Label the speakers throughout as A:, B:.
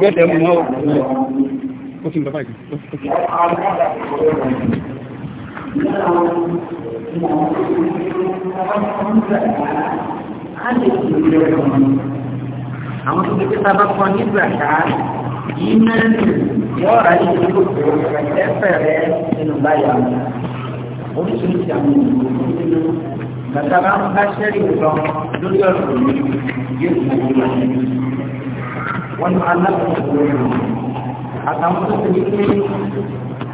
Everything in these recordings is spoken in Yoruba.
A: mẹ́tẹ̀ mú náà
B: ó ti ń bàbá ìgbà
A: àwọn tó gbé sábà kan nígbà ká yìí náà yóò rà ní ìlú ẹ̀fẹ̀ rẹ̀ nínú báyà oríṣiríṣi àwọn ìlú bàtà bá ń bá ṣẹ́rí lọ lórí ọ̀rọ̀ yìí yóò fi ìlú wani àtàwọn tó ti wípé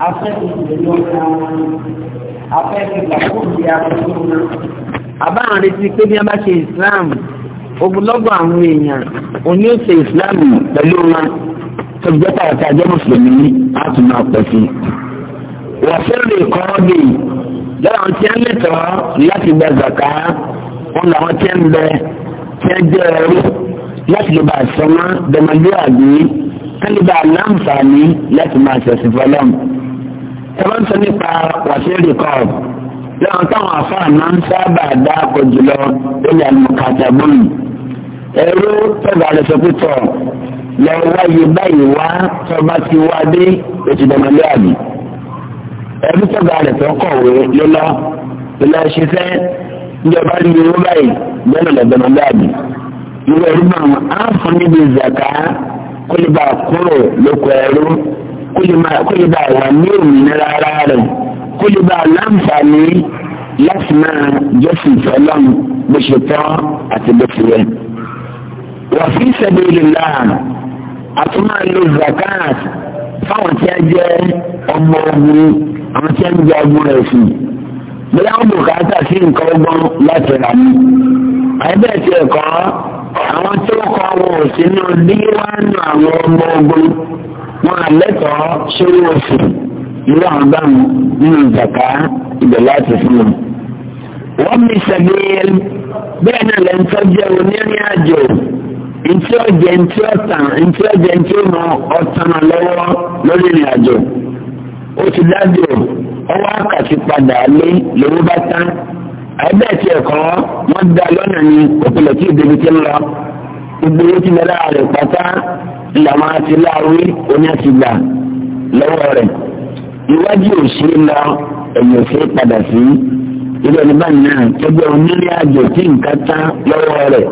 A: afẹ́kù ìlú ọ̀gá afẹ́kù ìgbàkúndì akókòrò àbáwọn retí pé bí a bá ṣe Islam ogunlọ́gọ̀ àwọn èèyàn òní ṣe Islam pẹ̀lú wọn máa pẹ̀ sí. wọ́n fẹ́rẹ̀ lẹ́tọ̀ọ́ láti gba wọn làwọn bẹ tí jẹ́ láti lè bá àsọmọ́ dẹmọlúwàbí láti bá aláǹfààní láti máa ṣẹ̀sìn fọlọ́m. ẹ bá ń sọ nípa wàṣírí kọ́ọ̀b lọ́wọ́n táwọn afáà máa ń sábà dá àpò jùlọ lórí àlùmọ̀kàtà bọ́ọ̀n. ẹ̀rú tọ́ba rẹ̀ sọ pé tọ̀ lọ wáyé báyìí wá tọ́ba ti wá dé ètò dẹmọlúwàbí. ẹ̀rú tọ́ba rẹ̀ tó kọ̀wé lọ́lọ́ lọ́lọ́ ṣiṣẹ́ ìjọba ní owó báyìí irú ẹrú náà á fún kúrò wà ní òmìnira ara rẹ̀ kó láǹfààní láti máa jọ́sìn fọlọ́n bó ṣe tọ́ àti bó ṣe yẹ. wà fi fáwọn tí a jẹ́ ọmọ ogun àwọn tí a ń jẹ bóyá wọn bò káàtà sí nǹkan ọgbọ́n láti rà mí. àyẹ̀bẹ̀ tí àwọn tó kọ wọn ò sí náà bí wàá nù àwọn ọmọ ogun wọn àlẹ́kọ̀ọ́ sórí oṣù ìlú àwọn báwọn nínú ìjàká ibẹ̀ láti fún wọn. wọ́n mi sàgbé bẹ́ẹ̀ náà lẹ́ńtọ́ jẹ́ onírìn àjò ntí ọjẹ ntí ọtàn ntí ọjẹ ntí ọmọ ọtàn lọ́wọ́ lórí ìrìn àjò ó dájú ọwọ́ àkàtì padà lé lówó bá tán ẹgbẹ́ ti ẹ̀kọ́ wọ́n da lọ́nà ni òpìlẹ̀ tí ìdèbí ti ń lọ gbogbo yóò ti lọ lára rẹ̀ pátá làwọn àti láwí oní àti gbà lọ́wọ́ rẹ̀ iwájú òṣè lọ ẹ̀yìn òṣè padà sí ilé ẹnìbá náà ẹgbẹ́ onílé àjò tí nǹkan tán lọ́wọ́ rẹ̀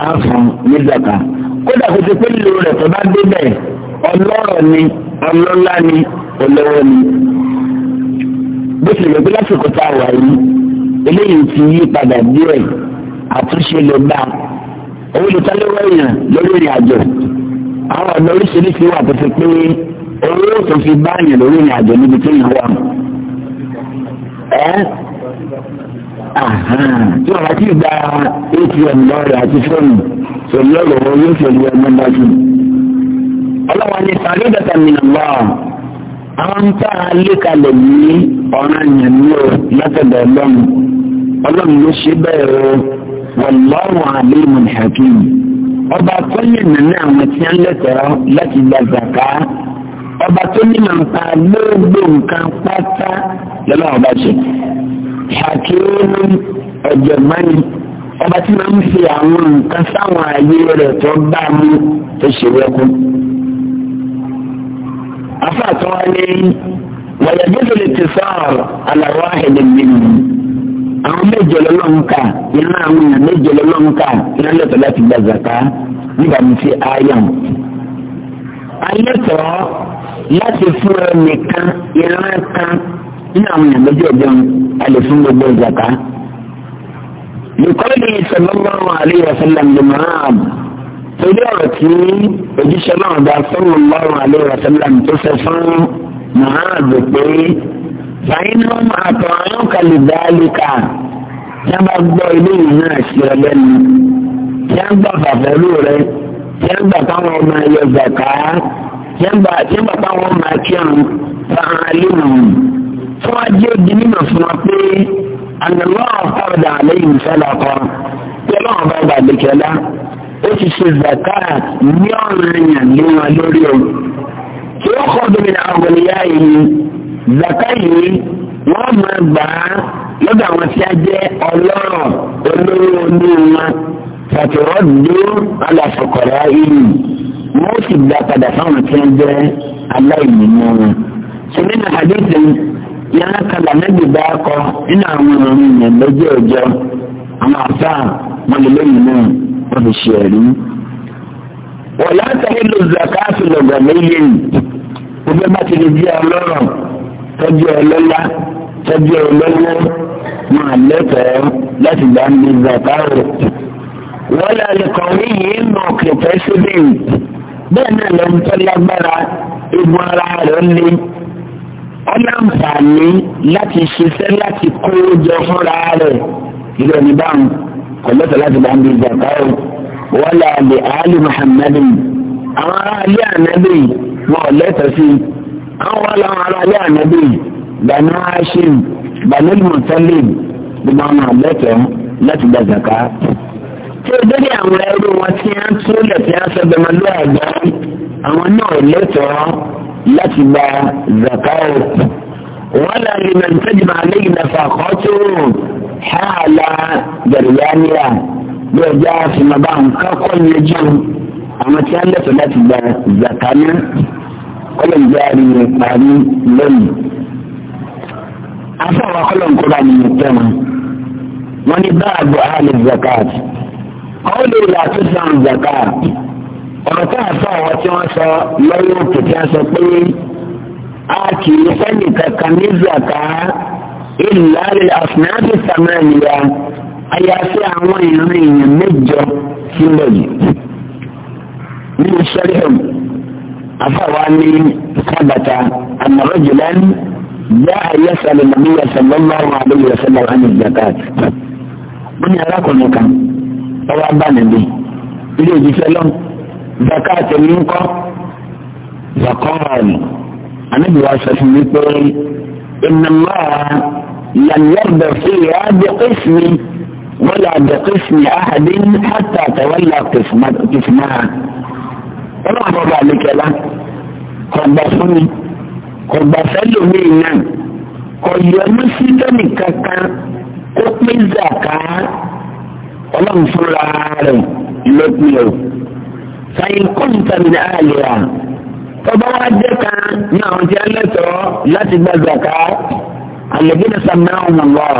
A: á fún nígbàkà kódà kó ti pé lílo rẹ̀ tó bá débẹ̀ ọlọ́rọ̀ ni ọlọ́lá ni olówó ni bó ti lè gbé lásìkò tá a wà yìí eléyìí ti yí padà díẹ̀ àtúnṣe lè bá owó lè tá lówó èèyàn lórí ìrìn àjò àwọn ọ̀nà oríṣiríṣi wà tó fi pé owó tó fi báyìí lórí ìrìn àjò níbi tó yàn wà. ẹ tí wọn bá ti gba atm lọ́rẹ̀ àti fóònù tó lọ́rọ̀ owó yóò fi olú ẹgbẹ́ bá jù. ọlọ́wọ́n ní sàrí dàtà mìíràn lọ àwọn tá a lé kalẹ̀ yìí ọ̀ràn yẹn ní o látọ̀dọ̀ ọlọ́run. ọlọ́run ló ṣe bẹ́ẹ̀ o wallahu alimun hakim ọba tó lè nàní àwọn tí wọ́n lẹ́tọ̀ọ́ láti gba ọba tó ní màá pa lóògbé nǹkan pátá lọ́la ọba ṣe hakim ọba tí màá ń fi àwọn nǹkan sáwọn ààyè rẹ̀ tó bá mú tó ṣe wẹ́kú. àwọn méje lọ́lọ́run kà iná àwọn èèyàn méje lọ́lọ́run kà iná lẹ́tọ̀ láti gba zaka nígbà mi fi ayọ̀n. alẹ́tọ̀ láti fún ẹ nìkan iná kan nínú àwọn èèyàn méje ọjọ́ alẹ́ fún gbogbo zaka. lùkọ́lì sallallahu alaihi wasallam lèmọ́ràn torí ọ̀rọ̀ tí ojúṣe náà dá sallallahu alaihi wasallam tó fẹ́ fún màá rò pé fàyínàmù àtọ̀ràn kàlùbáàlùkà tí wọ́n bá gbọ́ ilé yìí náà sí ọ lẹ́nu tí wọ́n gbà fàfẹ́rù rẹ tí wọ́n gbà káwọn ọmọ ẹyọ gbàkà tí wọ́n gbà káwọn ọmọ akíọ̀n fáwọn alẹ́wọ̀n tí wọ́n á jẹ́ òdi mímọ̀ fún wọn pé ànàlọ́ ọ̀pọ̀dà àlẹ́yìn sọ́dà kan
B: tí ọlọ́run bá gbà dèkẹ́lá
A: ó ti ṣe zaka ní ọ̀ràn yàn wọn lórí o kí ó kọ́ zaka yìí wọn máa gbà á àwọn tí a jẹ́ ọlọ́rọ̀ olówó dúró sì gbà padà fáwọn tí a jẹ aláìní wọn. sọ́mínà àdéhùn yàrá kalà mẹ́bí bá a kọ nínú àwọn ọ̀rọ̀ ìyẹn lọ́jọ́ ọjọ́ àwọn àfa mọ̀lẹ́lẹ́yìn náà wọ́n fi ṣe ẹ̀rí. wọ́n látàrí lọ zaka fi lẹ́yìn òfin bá tọ́jú ọlọ́lá tọ́jú ọlọ́wọ́ máa lẹ́tọ̀ọ́ láti gbà ń bí zàkà rẹ̀. wọ́n lọ lẹ́kọ̀ọ́ yìí ń mọ̀ kẹ̀kẹ́ síbí bẹ́ẹ̀ náà ló ń tọ́ lágbára igun ara rẹ̀ lé ọlọ́nfààní láti ṣiṣẹ́ láti kó jọ fúnra rẹ̀ ilé ẹni báwọn kò lẹ́tọ̀ọ́ láti gbà ń bí zàkà rẹ̀. wọ́n lọ àlè àálù muhammadin àwọn aráàlú ànábì wọn ò lẹ́tọ̀ọ́ sí i. àwọn wà láwọn aráalé ànábì bàná hashim bàná mọ̀tálìm gbogbo àwọn àlẹ́tọ̀ láti gba zaka. tí o dédé àwọn ẹrú wọn tí a ń túlẹ̀ tí a ń sọ bẹ̀mọ̀lú àgbà àwọn náà lẹ́tọ̀ láti gba zaka o. wọ́n lọ rí mẹ́tẹ́jì máa léyìn nàfà kọ́tù hàlà jẹ̀rìyàníyà bí ọjà àfìmọ̀bá nǹkan kọ́ ní ojú àwọn tí a ń láti gba zaka náà kọ́lọ̀ ìgbé àrí rẹ̀ parí lónìí. afọwọ́ kọ́lọ̀ ń kóra ní ìtẹ́ wọn. wọ́n ní báàbò àlè zakat. àwọn olè ìlà tó sàn zakat. ọ̀rọ̀ tá a fọwọ́ tí wọ́n sọ lọ́yọ̀ òkè tí a sọ pé a kì í sẹ́ni kankan ní zakat ìlà rẹ̀ àfúnáàbì sàmáàlìyà àyàfi àwọn ìrìn èèyàn mẹ́jọ sílẹ̀ yìí. nínú sẹ́ríhùn أفر أني ثبت أن رجلا جاء يسأل النبي صلى الله عليه وسلم عن الزكاة من يراك المكان هو أبان النبي إليه يسأل زكاة منك فقال أنا بواسف مثل إن الله لم يرضى فيها بقسم ولا بقسم أحد حتى تولى قسمها ọlọ́run ọba àlekẹ́lá ọgbà fún mi ọgbà fẹ́lòmíì náà ọ̀yọ́mú sí lẹ́nì kankan ó pé zàká ọlọ́run fúnra rẹ̀ lópin o sàyìn kọ́ńtàmì àlèyà tọ́ba wa jẹ́ kan ní àwọn tí a lẹ́tọ̀ọ́ láti gba zàká àlẹ́gbẹ́ni sàmìláwọn ọ̀lọ́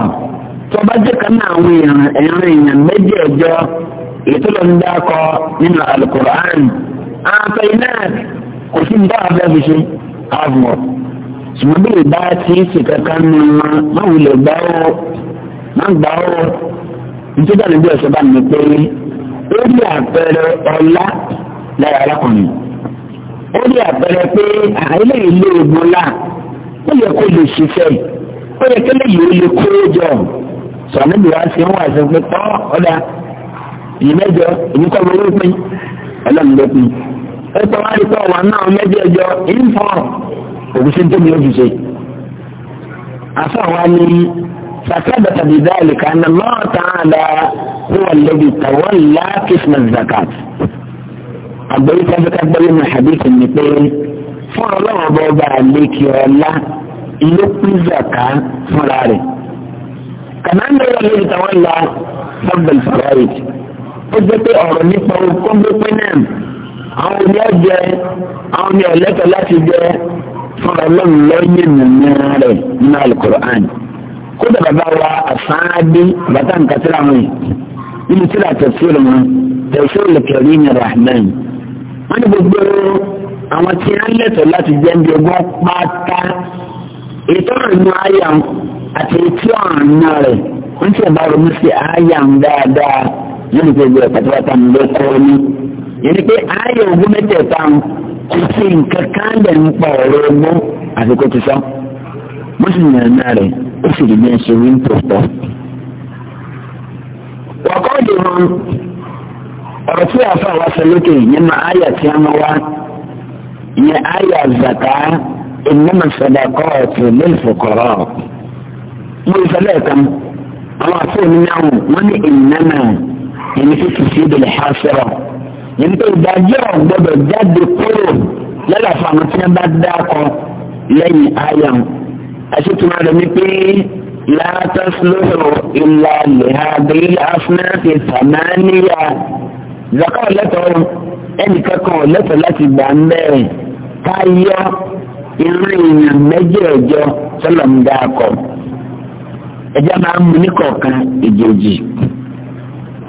A: tọ́ba jẹ́ kan ní àwọn èèyàn èèyàn méjì ẹ̀jọ́ ètò lọ́ndákọ nínú alukur'an àǹfààní náà kò sí nígbà abẹ́ fi ṣe àbọ̀ ṣùgbọ́n bí ìgbà tí ṣe kankan ní wọn má wulẹ̀ gbà ó má gbà ó nítorí àná bí ọ̀sẹ̀ bá mi pé ó rí àpẹẹrẹ ọlá lára arákùnrin ó rí àpẹẹrẹ pé àìlè ilé ogun là ó yẹ kó lè ṣiṣẹ́ ó yẹ kí lèyí ó lè kó jọ sọ̀rọ̀ níbi wá sí wọn àti pé pọ́ ọ̀dà ìmẹ́jọ ìmúkọ́ wọlé pin ọlọ́run ló pin. ẹsọ wa rí pọ̀ wà náà mẹ́jẹ̀ẹ̀jọ ìfọ̀rọ̀ ògùsí tó bí ojúṣe. àfọwọ́ ni sàkẹ́dà tàbí dáàlì kan náà lọ́ọ̀ tán àdá wọ́n lẹ́bi tàwọn lá christmas zakat. àgbẹ̀yí káfíńkà gbẹ́yìn náà hadith ni pé fún ọlọ́wọ́ bọ́ bá a lé kí ọlá ilé pín zaka fúnra rẹ̀. kàmáà ń lè wọ́n lẹ́bi tàwọn lá fọ́bẹ̀lì fọ́ráìtì. ó jẹ́ pé ọ̀rọ̀ nípa okòó gbé pẹ́ náà àwọn òní ọjẹ àwọn òní ọlẹtọ láti jẹ fún Ọlọ́run lọyẹ nìyẹn rẹ nínú alukur'an kódà bàbá wa àfáàdé bàtà nǹkan tíra wọn nínú tíra tẹsíìr wọn tẹsíìr kẹrin ní rahman wọn ní gbogbo àwọn tí wọn lẹtọ láti jẹ ní ogún pátá ètò ọ̀nà àyà àti ètò ọ̀nà rẹ wọn ti bá ronú sí àyà dáadáa nínú gbogbo ẹ̀ka tí ń lé kọ́ ní yẹni pé ayé ogún mẹ́tẹ̀ẹ̀ta kò sí nǹkan kan lẹ̀ ń pa ọ̀rọ̀ ogún àti kò ti sọ bó sì nà ná rẹ̀ ó sì rí bí ẹ ṣe rí ń tò pọ̀. wàkọ́ òde wọn ọ̀rọ̀ tí a fà wá sọ yẹn máa ayé àti àmọ́ wá yẹn ayé àzàká ìnáma sọdakọ́ ọ̀tún lẹ́fọ̀kọ̀rọ̀ mo sọ lẹ́ẹ̀kan àwọn àfọ̀ oníyàwó wọn ní ìnáma ẹni fífi sí ibìlẹ̀ ha sọ̀rọ̀ yìí pé ìdájọ́ gbọ́dọ̀ jáde kúrò lọ́dà fún àwọn tí wọ́n bá dákọ̀ lẹ́yìn ayam àṣetuma rẹ̀ ni pé látàsílòrò ìlà lèha bírílà fúnáàtì sàmáníyà zaka ọ̀lẹ́tọ̀ọ́ ẹnìkankan ọ̀lẹ́tọ̀ láti gbà ń bẹ̀rẹ̀ káyọ́ irú èèyàn mẹ́jẹ̀ẹ̀jọ sọ́lọ̀ ń dákọ̀ ẹ̀jẹ̀ máa ń mú ní kọ̀ọ̀kan ìjèjì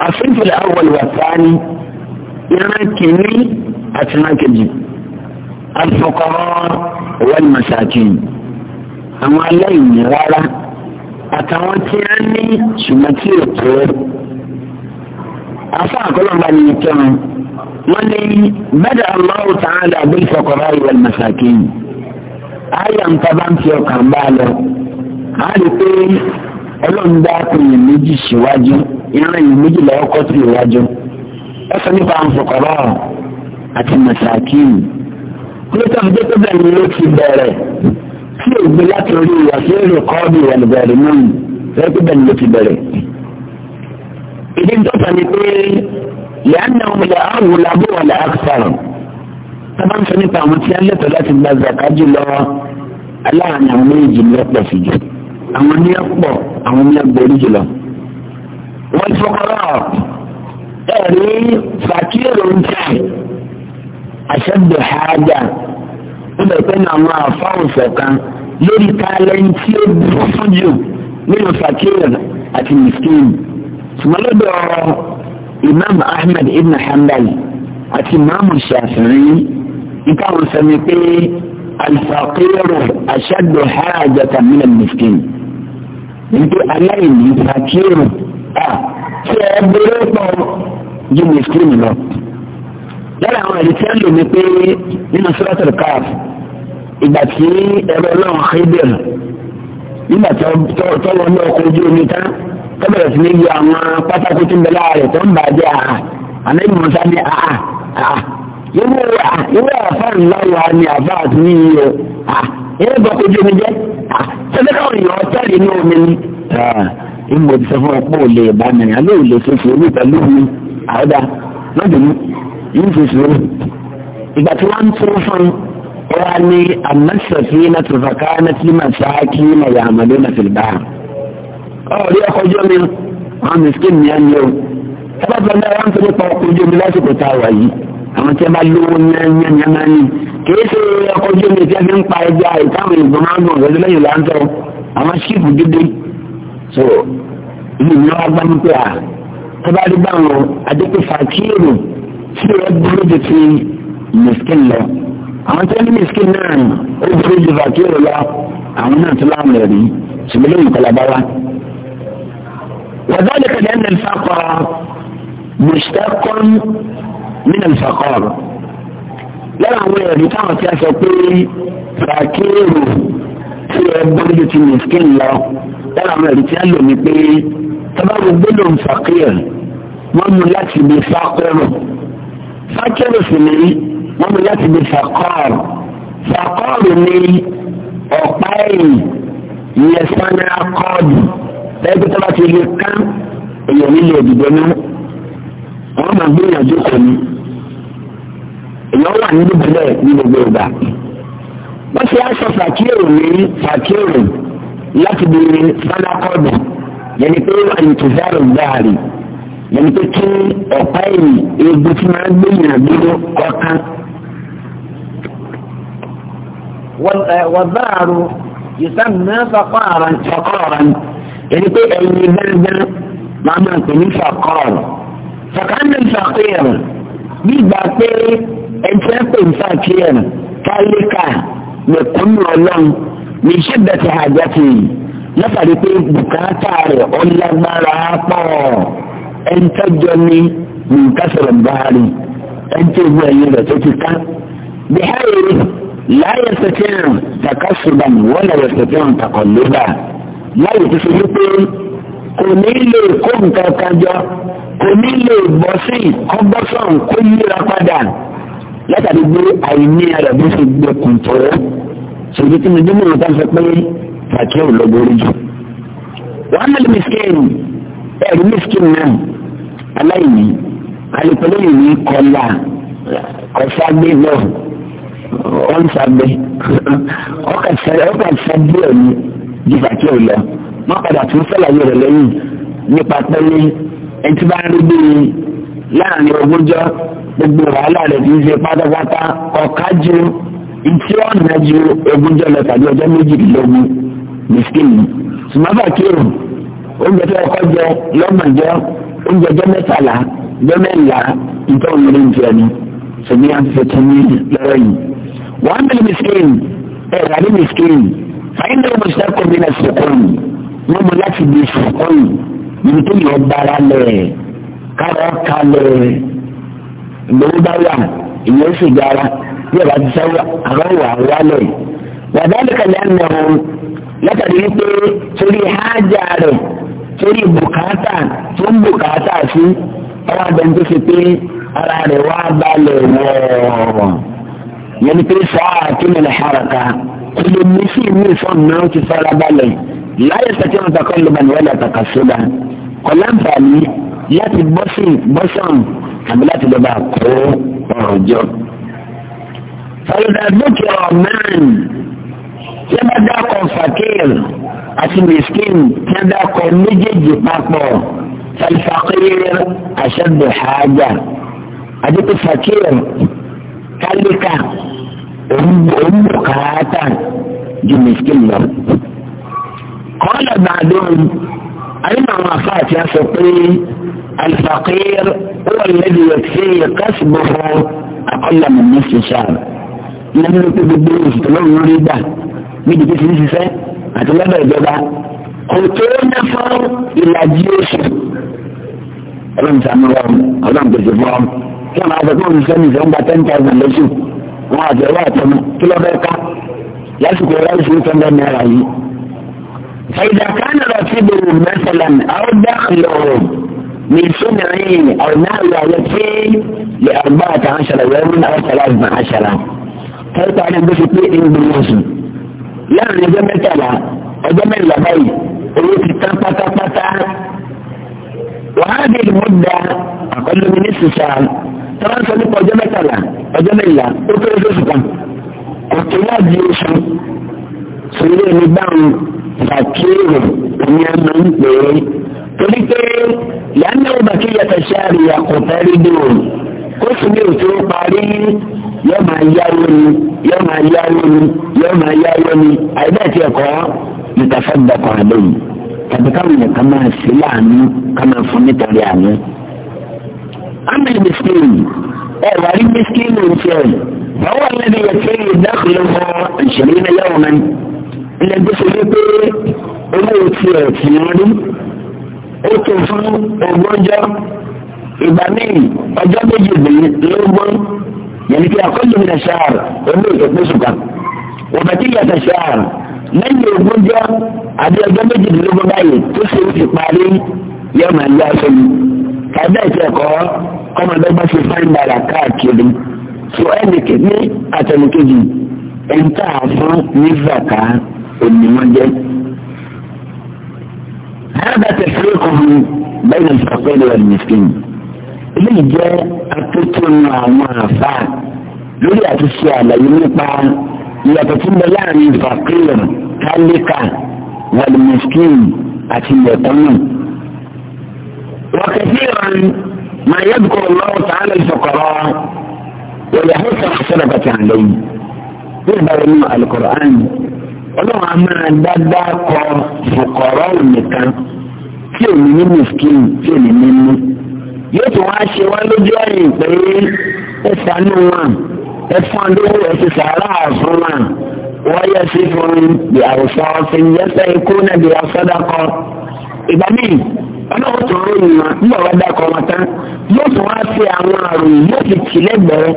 A: àfihàn àwọn ìwà sáà ni ìran kìíní àti ìran kejì alifọkọrọ wal masakin àwọn aláìní rárá àtàwọn tí a ní ṣùgbọ́n tí ò tó afa àkọlọ́mba ni ìtọ́nu wọ́n ní bẹ́ẹ̀ Allahu ta'ala bilfuqara wal masakin àyà ń taba ń fi ọkàn bá a lọ a lè pé ọlọ́run dá akùnrin méjì síwájú ìran yìí méjì lọ́wọ́ kọ́ sí iwájú ó sọ nípa àwọn fòkòrò àti masakin kúlótà fìdí tó bẹ̀rẹ̀ ló ti bẹ̀rẹ̀ tí ògbé láti orí ìwàsí èrò kọ́ọ̀dù ìwàlùbẹ̀rẹ̀ náà rẹ̀ tó bẹ̀rẹ̀ ló ti bẹ̀rẹ̀. ìdí tó sọ ni pé ìyáàna ọmọ ilẹ̀ ààrùn làbọ̀ wà lẹ́ àkùsàrọ̀ tábà ń sọ nípa àwọn tí wọ́n lẹ́tọ̀ọ́ láti gba zaka jùlọ aláàrin àwọn méjì ní ọ̀pọ̀ sí jù àwọn ní ọ̀pọ̀ àwọn ní ọgbẹ̀rún jùlọ. wọ́n fọkọrọ ẹ̀rí fàkírù ń tà àṣẹ́dù hájà ó bẹ̀ pé náà máa fáwọn sọ̀kan lórí tálẹ́ǹtì ó burú fún jù nínú fàkírù àti miskin ṣùgbọ́n lọ́dọ̀ imam ahmed ibn hanbal àti imam shafi'i nípa àwọn sọmi pé alfakiru àṣẹ́dù hájà tàbí miskin nítorí aláìní fàkírù ah tí ẹ bèrè pọ̀ ju mùsùlùmí lọ. lára àwọn ẹ̀rí tí a lò ní pé nínú sọ́tọ̀ káf ìgbà tí ẹ̀rọ náà Khidir nígbà tọ́wọ́ ní ọkọ̀ ojú omi tán tọ́bẹ̀rẹ̀ sí ní ju àwọn pátákó tó ń bẹ láàrẹ̀ tó ń bàjẹ́ àhà àmì Mùsá ní àhà àhà ìwé àfáà ńlá wa ni àbá àti yíyí o ìwé ìgbà kojú omi jẹ́ tẹ́lẹ̀ káwọn èèyàn ọ̀tẹ́lẹ̀ ní omi ni ìmọ̀ ìṣẹ́ fún ọpọ́ òlè ìbánirìn alẹ́ òlè ṣe sùúrù pẹ̀lú mi àọ́dá lọ́dún yìí ṣe sùúrù. ìgbà tí wọ́n ń tún fún wa ní amásàfí náà tó fàká náà tí mà sá kí mà yà àmàdé náà fi bá. ọ̀rí ọkọ̀ ojú omi wọn mi skin ní ẹni o. ẹgbẹ́ tó náà wọ́n ń tún nípa ọkọ̀ ojú omi lásìkò tá a wà yìí. àwọn tí a bá lówó yányányányání kìí ṣe ọkọ̀ ojú tí a fi ń pa ẹja ìtàwọn ìgbọ̀n máa ń gbọ̀n lọ́dún lẹ́yìn láńtọ́ so ìlú ni wọn gbá nípa à tó bá rí báwọn adékòfà kíyèrò tí ó dúró de ti mìsíkìn lọ àwọn tó ní mìsíkìn náà ó dúró de fàkíyèrò lọ àwọn náà tó láwọn rẹ̀ rí ṣùgbọ́n lóyún kọlọ́bá wa. وذلك لأن الفقر مشتق من الفقر lára àwọn ẹ̀rí táwọn tí a sọ pé fàkíyèrò tí ó dúró de ti mìsíkìn lọ lára àwọn ẹ̀rí tí a lò ní pé tábàrù gbólóhùn fàkíyàn wọ́n mú láti ibi fàkọ́rọ̀ fàkẹ́rọ̀ sì ni wọ́n mú láti ibi fàkọ́rọ̀ fàkọ́rọ̀ ni ọ̀pá ẹ̀yìn ìyẹn sanni akọ́ọ̀dù lẹ́yìn tó bá ti lè kán èèyàn nílò òdìbò náà wọ́n máa gbìyànjú kò ní èèyàn bẹ́ẹ̀ ní gbogbo ìgbà wọ́n ti aṣọ fàkíyàn ní fàkíyàn. láti bí sálákọ́dù yẹni pé àyètòzárò gbáàrí yẹni pé kí ọ̀pá ẹ̀yìn egun tí máa ń gbẹ̀yìn àgbẹ̀rọ ọ̀kan. wàbáàrò ìsàmìnà fàkọ́ọ̀rọ̀ fàkọ́ọ̀rọ̀ yẹni pé ẹ̀yìn dandan máa máa pè ní fàkọ́ọ̀rọ̀ fàkànnì fàkọ́ọ̀rọ̀ bí ìgbà pé ẹ̀jẹ̀ pè ń fàkọ́ọ̀rọ̀ kálíkà lẹ̀kùnrin ọlọ́run. ní ṣẹ́dẹ̀tì àjàtì látàrí pé bùkátà rẹ̀ ó lágbára pọ̀ ẹ̀ńtọ́jọ́ ní nǹkan sọ̀rọ̀ báárì ẹ̀ńtọ́jọ́ ẹ̀yìn rẹ̀ tó ti ká. bihari láyé sẹ́kẹ̀rù takasuban wọ́n lọ sẹ́kẹ̀rù takọ̀lébà láyé tó ṣojú pé kò ní lè kó nǹkan kan kò ní lè bọ́ sí kọ́bọ́sọ̀n kó yíra padà látàrí pé àìní rẹ̀ bó ṣe gbẹkùn tó ṣèjì tí mo dé mọ̀ nǹkan sọ pé fàkíyà ò lọ́gbọ́rí jù. wàá mẹ́lẹ̀ miskin ẹ̀rí miskin náà aláìní alùpùpù yìí ní kọlá kọfàgbé náà wọ́n sàgbé ọkà sàgbé òní ju fàkíyà ò lọ. wọ́n padà tún sọ̀làyé rẹ̀ lẹ́yìn nípa pẹ́lẹ́ ẹtí bá rí bíi láàrin ogúnjọ́ gbogbo wàhálà rẹ̀ ti ń ṣe pátápátá ọ̀ká ntí wọn nà ju ogúnjọ́ lọ tàbí ọjọ́ méjìlélógún mìsíkìnì sùmọ́fà kírun oúnjẹ tó ọkọ jẹ lọ́gbọ̀njọ́ oúnjẹ jẹ mẹ́tàlá jẹ mẹ́la ntọ́ òmìnira ntí ẹni sọmi àfẹ́tọ́ ní lọ́rọ̀ yìí. wọ́n á bẹ̀rẹ̀ mìsíkìnì ẹ̀ rà ní mìsíkìnì fàyín náà mo ṣe kọ́ mi náà sọ̀kọ́n wọ́n mú láti di sọ̀kọ́n níbi tó yẹ bára lẹ̀ kárọ̀ kalẹ̀ lówó bá wà ìyẹn sì gara bí ọba ti sẹ́wọ́ àwọn ìwà wálẹ̀ wàdálì kan yẹn nà ọ́n látàrí wípé torí hájà rẹ̀ torí bùkátà tó ń bùkátà sí ọwọ́ abẹ́ni tó fi pé ara rẹ̀ wá balẹ̀ wọ̀ọ̀rọ̀ yẹn ni pé sáà kí ni lẹ́hàràkà ìlòmí sí ìlú ìfọ̀n náà ti fara balẹ̀ láyé sẹ́kẹ́ wọn takọ́ ló bani wọ́n lè àtàkà sódà kọ̀láǹfààní láti bọ́sìn bọ́sàn àbí láti lọ́ba kó ọ̀rọ̀ jọ. فإذا ذكر من لما داقوا فقير أتي مسكين تداقوا مجد باقوا فالفقير أشد حاجة أديك فقير كلك أمك هاتا دي مسكين قال بعدهم أين عرفات يا فقير الفقير هو الذي يكفيه قسمه أقل من نصف شهر ìlànà ló pé gbogbo oṣù tó lọ́rùn lórí gbà níbi tí ti ń ṣiṣẹ́ àti lọ́dọ̀ ìjọba kò tó ná fún ìlàjì oṣù ọlọ́run sàmú wa ọlọ́run pèsè fún wa kí wọn àti ọkọ òṣìṣẹ́ mi gba ten thousand lóṣù wọn àti ọwọ́ àtọmọ kí lọ́ bẹ́ẹ̀ ká lásìkò ẹ̀rọ ìṣòro tó ń bẹ náírà yìí. فإذا كان راتبه مثلا أو دخله من سنعين أو نحو يكفي لأربعة عشر يوما أو ثلاثة عشر káyọ̀ parí bó ṣe pé èyí gbogbo oṣù láàrin ọjọ́ mẹ́tàlá ọjọ́ mẹ́rìnlá báyìí owó ti tán pátápátá wàhálà bí ìdìbò da àkọlùmí ní sísá tọ́lá ń sọ nípa ọjọ́ mẹ́tàlá ọjọ́ mẹ́rìnlá ó tó oṣooṣù kan kò tó láàbí oṣù sílé ní báwọn bàkírò ní ọmọ ń torí pé yàrá náà bàkírò yàtọ̀ ṣáàrì àkọ́tà rí dùn kóṣù mi ò tó parí yóò máa yáwó ni yóò máa yáwó ni yóò máa yáwó ni àìbẹ́ẹ̀ tí ẹ̀kọ́ ìtàfẹ́gbẹ̀kọ̀ àbẹ́yìn tàbí káwọn nìkan máa ṣe láàánú ká máa fún nítorí àánú. amẹ́ mẹ́sìkìlì ẹ̀ wà rí mẹ́sìkìlì ń tiẹ̀ báwo lẹ́nu yẹ kí ìdákùnrin mọ ìṣẹ̀lẹ̀ iná yàwó náà ilẹ̀ gbèsè wípé ìgbà míì ọjọ́ méjìlélógún yẹn kí akọ́lù mi ṣáàr olú ìtọ́gbésù kan wọ́pẹ̀tì yàtọ̀ ṣáàr lẹ́yìn ogúnjọ́ àbí ọjọ́ méjìlélógún báyìí tó ṣe é ti parí yẹ máa yá aṣọ mi tàbí ẹ̀sẹ̀ kọ́ kọ́mọdọ́gbọ́n ṣe fáìn bàrà káàkiri tó ẹnìkè ní àtẹnukejì ẹ̀ńtà fún nífàkà onímọ̀jẹ́. هذا تفريقهم بين الفقير والمسكين eléyìí jẹ́ akékèénu àwọn àfa lórí àti ṣe àlàyé nípa ìyàtọ̀ tí ń bẹ láàrin fàkìlì kálíkà wàlùmísìn àti mẹ̀kúnnù. وكثيرا ما يذكر الله تعالى الفقراء ويحث الصدقة عليه níbàrẹ̀ nínú alukur'an ọlọ́run a máa dáadáa kọ fòkọ̀rọ̀ nìkan tí ò ní ní mùsùlùmí tí ò ní ní mú yóò tún wá ṣe wọn lójú ẹ̀yìn pé ẹ ṣàánú wọn ẹ fún lówó ẹ ti sàárà fún wọn wọ́n yẹ sí fún bí àwòsàn ọ̀sìn yẹsẹ̀ ikú náà bí asọ́dọ̀kọ. ìgbà míì ọlọ́run tó ròyìn wọn nígbà wọn dákọ̀ wọn tán yóò tún wá sí àwọn àròyìn yóò fi tì lẹ́gbẹ̀ẹ́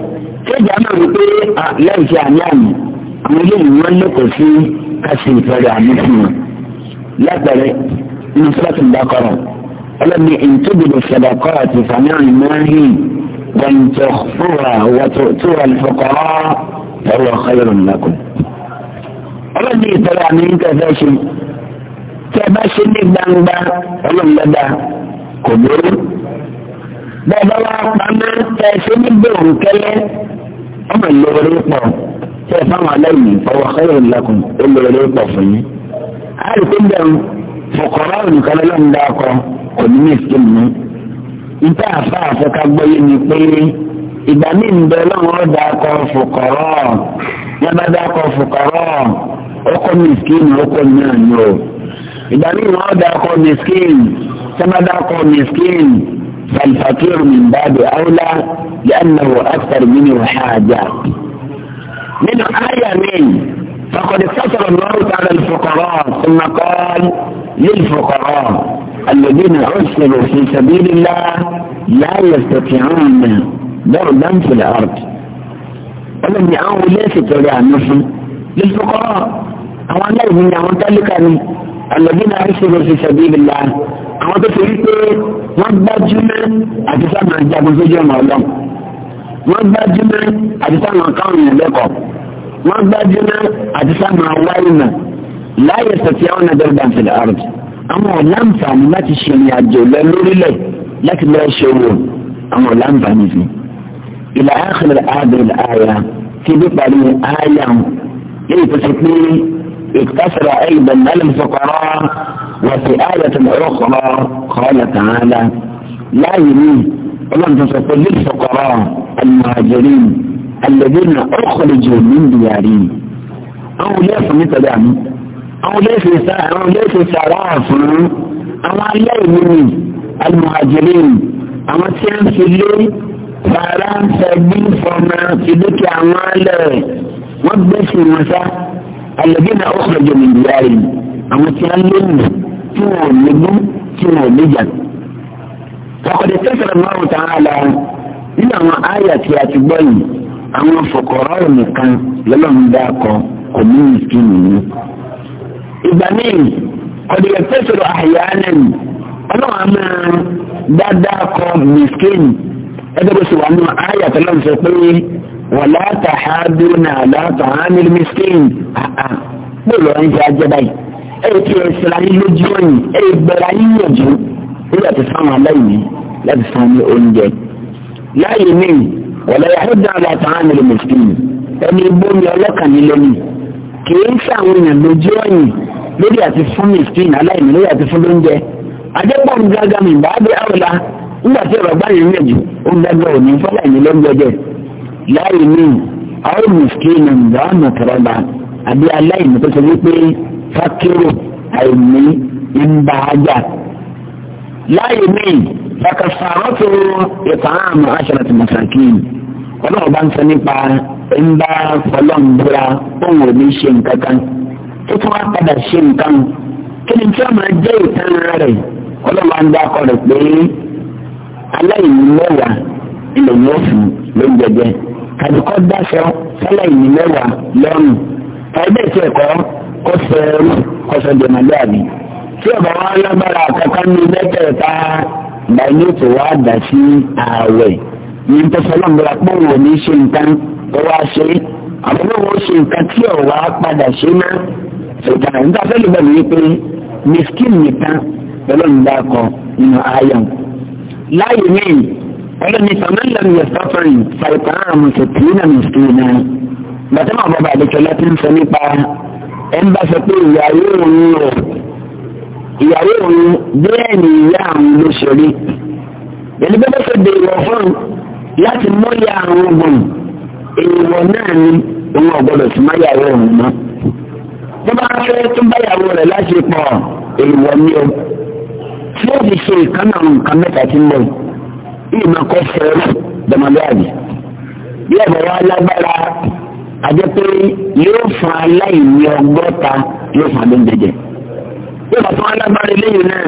A: kéjà náà wípé lẹ́yìn tí àmì àmì àwọn eléyìí wọn lẹ́kọ̀ọ́ sí kásì ìfẹ́rẹ́ àmì fún wọn. lápẹ̀rẹ̀ ní sọ́ọ̀tún dákọ̀rọ̀. الذي ان تبدوا الصدقات فنعم ما وان تخفوها وتؤتوها الفقراء فهو خير لكم الذي طلع منك فاشل تباشل ابن با ولم لدى كبر بابا وعما تاشل ابن كلا اما اللي غريطة تفهم عليه فهو خير لكم اللي غريطة فيه هل كنتم فقراء كلا داكم kò ní mèsì mú. Ìta àfa àfọkà gbọ́yé ni pé ìgbà mí ń bẹ lọ́wọ́ ọ̀dà akọ fòkọ̀rọ̀ ní abájá akọ fòkọ̀rọ̀ ọkọ mèsìkìnì ọkọ náà ni o. Ìgbà mí ń ọ̀dà akọ mèsìkìnì sábàdà akọ mèsìkìnì fàlfàkìrì min báàbí áwùlá yà ń nàwó àkàrà mí ni wàhálà jà. Nínú àyà mi. فقد اقتصر الله تعالى الفقراء ثم قال للفقراء الذين أرسلوا في سبيل الله لا يستطيعون ضربا في الأرض ولم يعوا ليس تولي النصر للفقراء أو أن يجب أن الذين أرسلوا في سبيل الله àwọn tó torí pé wọ́n gbájúmọ́ àti sáwọn jagun sójú ọmọ ọlọ́run wọ́n gbájúmọ́ àti مبادنا أتسمع وينا لا يستطيعون دربا في الأرض أما لم فهم ما تشين يعجو لنور لي لكن لا يشيرون أما لم فهم إلى آخر هذه الآية في بطري آية يتسكني اقتصر أيضا ملم فقراء وفي آية أخرى قال تعالى لا يريد أن تسكن للفقراء المهاجرين alẹ́gbẹ́nà ọ̀kọ̀lẹ́jọ níbi yàrí àwọn olóòfin nítorí àmì àwọn olóòfin sàrà fún àwọn aláìní almuhajirin àwọn tí a ń fi lé sàrà ń fẹ̀gbí fọmọ ti dúkìá àwọn alẹ́ wọ́n gbẹ́sì wọn sá alẹ́gbẹ́nà ọ̀kọ̀lẹ́jọ níbi yàrí àwọn tí a ń lé nù tí wọn ò légbó tí wọn ò léjà. ọ̀kọ̀dẹ̀ tẹ́sán náà wọ́n tàn án nínú àwọn àyà tí a ti gbọ́ yìí àwọn fòkòrò nìkan lọ́lọ́mdá kan kò ní ìsìn nìyí. ìgbà míì ọ̀dìyẹ pẹ̀sọ̀rọ̀ àyànnà ni ọlọ́run a máa dáadáa kọ mìsíkìnì ẹgbẹ́ bó ṣe wà nù ayà tó lọ́n sọ pé wàlá tàhádù náà látà ánìlì mìsíkìnì àà pé lọ́ọ́ ń ṣe ajẹ́ báyìí ẹ̀yẹ tí ẹ ṣẹlá yín lójú ọ̀yìn ẹ̀yẹ gbẹ̀rẹ̀ ayé yànjú nígbà tó fáwọn aláìní láti fún oúnjẹ láàyè míì wọ̀lẹ́ ẹ̀dá àlàtà àmìlì mùsùlùmí ẹni bómi ọlọ́kàn ní lẹ́nu kìí ń sàwọn èèyàn lójú ọ̀yìn lórí àti fún mùsùlùmí aláìní lórí àti fún lóúnjẹ adẹ́pọ̀n gágá mi bá bẹ àwòlá nígbà tí ọ̀rọ̀ bá yẹn rẹ̀jù ó gbàgbọ́ òní fọ́lá ìní lóúnjẹ jẹ àwọn mùsùlùmí ìgbà ọ̀nà àbí aláìní tó ṣe wípé fákérò àìní ń láàyè míì fàkàfàrọ́ tó ìtàn àṣàràtì masakin ọlọ́run bá ń sọ nípa ń bá fọlọ́ǹbúra òun ò ní ṣe nǹkan kan tó tún wá padà ṣe nǹkan kí ni tí wọ́n máa jẹ́ ìtàn rẹ̀ ọlọ́run bá ń dá ọkọ rẹ̀ pé aláìní mẹ́wàá ilẹ̀ yóò fún ló ń jẹjẹ tàbí dáṣọ sáláìní mẹ́wàá lọ́rùn tàbí ẹ̀kọ́ kọ́ sọ tí ọ̀bọ̀ wa lágbára àkọ́kọ́ ní mẹ́tẹ̀ẹ̀ta báyìí tó wá dà sí ààwẹ̀ ní tẹ́sánà gbọ́dọ̀ pé òun ní ṣe nǹkan tó wá ṣe àwọn náà wọ́n ṣe nǹkan tí ọ̀wá padà ṣe ná ṣèkà nígbà fẹ́lẹ̀ bẹ̀rẹ̀ yìí miskin nìkan pẹ̀lú ìdákọ̀ nínú ayọ̀ láàyè míì ọlọ́ni sàmúlẹ̀ ní ẹ̀sọ́fẹ̀rì sàìkàn àrùn sèpìlínà miskin náà bàtẹ́mà bàbá àdìkẹ́lẹ́ ti ń sọ nípa ẹ̀ ń bá sọ pé ìyá yóò ń lò ìyàwó òun bẹ́ẹ̀ ni ìyá àwọn ló ṣe rí yẹnni bẹ́ẹ̀ bẹ́ẹ̀ bèrè ọ̀fọ́n láti mọ ìyá àwọn ọgbọ̀n èèwọ̀ náà ni òun ọ̀gbọ́dọ̀ sí máyàwó òun mọ́ tó bá fẹ́ tó báyàwó rẹ̀ láti pọ̀ èèwọ̀ ni o tí ó fi ṣe ìkànnà nǹkan mẹ́ta tí ń bọ̀ yìí máa kọ́ fẹ́ẹ́ dọ̀mọdéàbí bí ẹ̀bọ̀ wa lágbára àjẹpẹ́ yóò fún aláìní ọgọ́ta yóò fún adóńjẹjẹ yóò bá fún alágbára eléyìí náà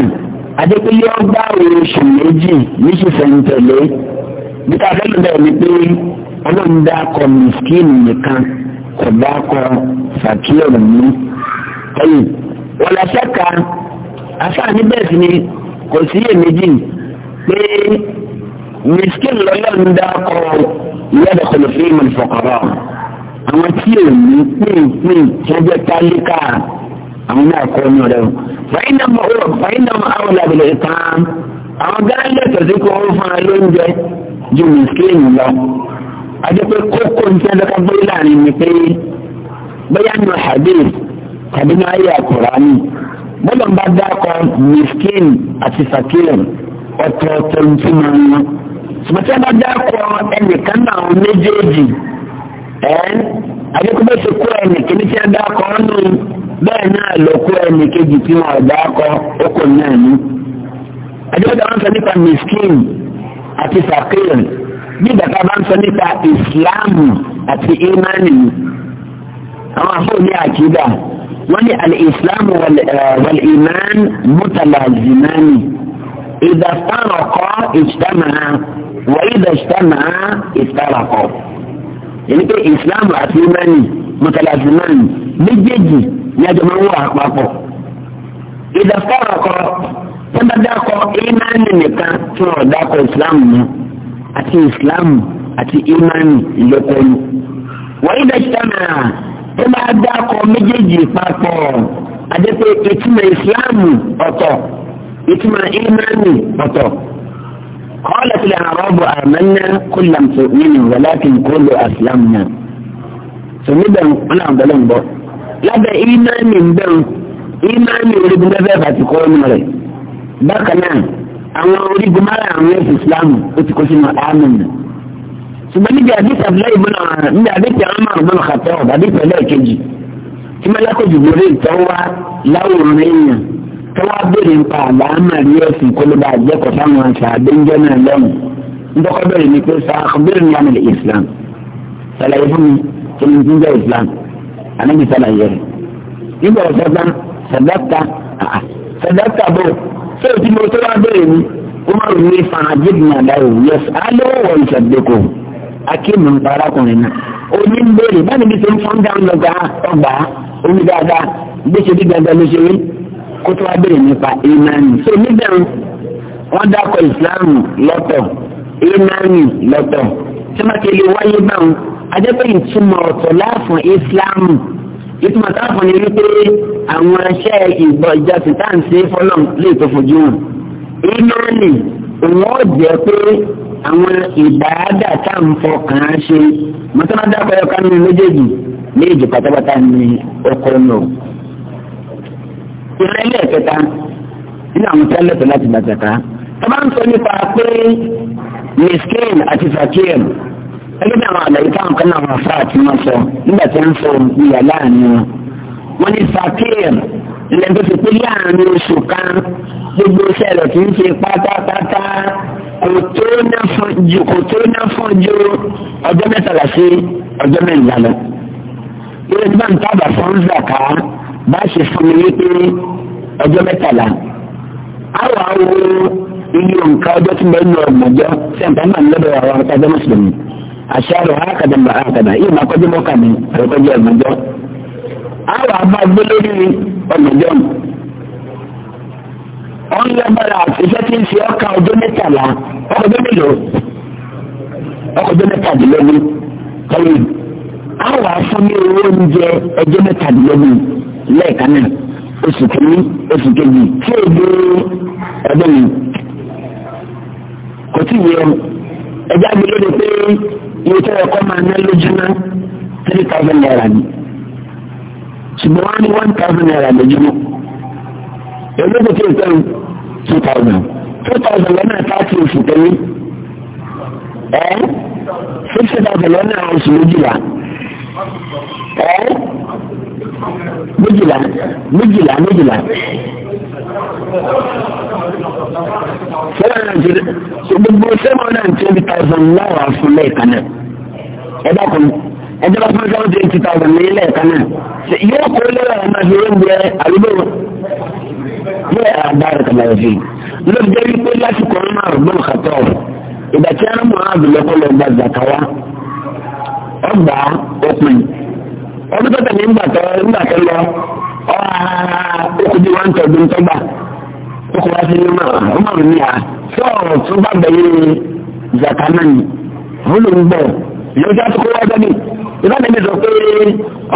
A: adékúlé ọgbà oṣù méjì méjì fẹ̀ǹtẹ̀lé níta fẹ́lẹ̀ bẹ́ẹ̀ ni pé ọlọ́run dá akọ mìskínì nìkan kò dá akọ fàkíọ̀rù mú ẹ̀yìn wọ́n lọ sẹ́ka afáàní bẹ́ẹ̀ sì ni kò sí èméjì pé mìskínì lọ́lọ́run dá akọ ìyáda kọlọ̀fẹ́ ìmọ̀ ìfọ̀kọ̀rọ̀ àwọn tí ò ní pín pín tí wọ́n jẹ́ tálíkà àwọn náà kọ́ ní ọ̀rẹ́ wọn. fàyínàmù àwọn làbẹ̀lẹ̀ ìtàn àwọn gáàlẹ̀ tẹ̀sí kó ni pé bóyá nù hadith tàbí nù ayé àkùránì bọ́lá ń bá dákọ̀ miskin àti fakir ọ̀tọ̀ọ̀tọ̀ ntúmọ̀ wọn. sùmọ́tí a bá dákọ̀ ẹnìkan náà méjèèjì ẹ̀ adékúbẹ́ ti kó ẹnì kìíní tí a dá kọ́ nù bẹ́ẹ̀ náà ló kó ẹnì kejì tí wọ́n dá kọ́ ókò náà ní. adékúbẹ́ wọn sọ nípa miskin àti fakir bí bàtà bá ń sọ nípa ìsìláàmù àti ìmánì àwọn afọ́ọ̀lì àkídà wọ́n ní alìsìláàmù wàlìmán mùtàlàzìmánì ìdàtàrọ̀kọ́ ìjìtàmà wà ìdàtàmà ìtàràkọ̀ yẹn pé islam àti imani imani, náà ni méjèèjì ní ajọ máa ń wà papọ̀. ìdàkọ̀rọ̀ kọ tẹ́lá dákọ̀ imani nìkan tí wọ́n dákọ̀ islam mọ́ àti islam àti imani ìlọ́kọ̀ọ́lù. wọ́n yí bẹ́ẹ̀ tẹ́lá tẹ́lá dákọ̀ méjèèjì papọ̀ àdẹ́pẹ́ ìtumọ̀ islam ọ̀tọ̀ ìtumọ̀ imani ọ̀tọ̀. قالت الأعراب آمنا كل لم تؤمنوا ولكن كل أسلمنا فنبدأ أنا أبدأ lábẹ́ ìmánì ń bẹ̀rù ìmánì orígun bẹ́ẹ̀ bá ti kọ́ ọ́nà rẹ̀ bákan náà àwọn orígun márùn-ún ẹ̀sìn Islam ó ti kó sínú àmì nà ṣùgbọ́n níbi àdìsí abúlé ìbọn ọ̀ràn níbi àdìsí àwọn márùn bọ́n kàtọ́ àdìsí ẹlẹ́ẹ̀kejì tí mẹ́lẹ́kọ̀jù lórí ìtọ́wá láwòrán èèyàn tó wá béèrè nípa àlàámà rí ẹ̀sìn kó ló bá jẹ́kọ̀ọ́ sáwọn àṣà àdéńjẹ́ náà lọ́rùn ntọ́kọ́ bẹ̀rẹ̀ ni pé sàkóbẹ̀rẹ̀ ní àmì Islam sàlàyé fún mi kí ni ti ń jẹ́ Islam ànábi sàlàyé rẹ̀ nígbà ọ̀sẹ̀ tán sàdáka sàdáka bò ṣé o ti mọ tó wá bẹ̀rẹ̀ ni Umar ní fàájìd náà dáwò kó tó wá bèrè nípa ìmánì so níbẹ̀ wọ́n dákọ̀ ìsìláàmù lọ́tọ̀ ìmánì lọ́tọ̀ tí wọ́n ti lè wáyé báwọn adẹ́pẹ́ ìtumọ̀ ọ̀tọ̀ láàfún ìsìláàmù ìtumọ̀ táàfún ni wípé àwọn ẹṣẹ́ ìgbọ̀ ìjọsìn táǹsì fọlọ́n lè tó fojú wọn ìmánì wọ́n jẹ́ pé àwọn ìbáàdà táǹfọ̀ kàn án ṣe mọ́tọ́mọ́dá pẹ̀lú kánú méjèèjì méjì pátápátá ni ọkọ̀ náà
B: ìrẹ́ ilé ẹ̀kẹta
A: nínú àwọn tẹ́lẹ̀ tó láti gbà zaka tọ́ba ń sọ nípa pé miskin àti fakir ẹgbẹ́ bí àwọn àlàyé táwọn kan náà wọ́n fà àti wọ́n sọ nígbà tí wọ́n sọ ìyá láàrin wọn wọ́n ní fakir ilẹ̀ tó ti pé láàrin oṣù kan gbogbo iṣẹ́ rẹ̀ ti ń ṣe pátápátá kò tó ná fún ju kò tó ná fún ju ọjọ́ mẹ́tàlá sí ọjọ́ mẹ́rìnlá lọ. ìrètí bá ń tábà fún zaka bá ṣe fún mi wípé ọjọ́ mẹ́tàlá àwọn awo iye nǹkan ọjọ́ tí mo ń lọ ọ̀gbọ̀njọ́ sí àǹfààní lọ́dọ̀ àwọn ọ̀tàjọ́ mùsùlùmí àṣàrò àkàdà mbà àkàdà yìí máa kọjú mọ́kà mi àròkọjú ọ̀gbọ̀njọ́ àwọn abá gbé lórí ọ̀gbọ̀njọ́ wọn lágbára àtijọ́ tí ń fi ọkà ọjọ́ mẹ́tàlá ọkọ̀jọ́ mélòó ọkọ̀jọ́ mẹ́tàdínlógún kọ́lé àwọn afọ́ ní owó oúnjẹ ọjọ́ mẹ́tàdínlógún lẹ́ẹ̀kan náà oṣù kìíní oṣù kejì tí o dé ọdún yìí kò tí ì yẹ ẹja gbé lóde pé iye tó yẹ kó máa ná lójúmọ́ three thousand naira ni ṣùgbọ́n wọ́n ní one thousand naira lójúmọ́ èló tó kéwì tẹ́lẹ̀ two thousand two thousand lọ́nà thirty oṣù kìíní ẹ́ six thousand lọ́nà oṣù méjìlá ẹ́ méjìlá méjìlá méjìlá seven hundred gbogbo seven hundred and twenty thousand náírà fún lẹ́ẹ̀kan náà ẹ dákun ẹjọ́ bá fún seven twenty thousand ní lẹ́ẹ̀kan náà yóò kó lẹ́wọ̀ ẹ̀ máa fi oúnjẹ àdúgbò yóò àdáyé kàlà ẹ̀fì lóòótọ́ jẹ́ wípé lásìkò ọmọ àrùbọ̀n kàtọ́ ìgbà tí a ń mọ àdúgbò kọ́ lọ gba zakawa ọgbà ọkùnrin ọdún tó tẹ̀lé ńgbà tó ńgbà tó lọ ọ ara okùn bí wọ́n ń tọ́jú ńtọ́gbà okùn wá sí ní mọ̀ ọmọ mi ní à tí ọ̀rọ̀ tó bá bẹ̀yẹ zakamani bólú ń bọ̀ yóò já tó kó wá dẹ́bi ìbáni mi sọ pé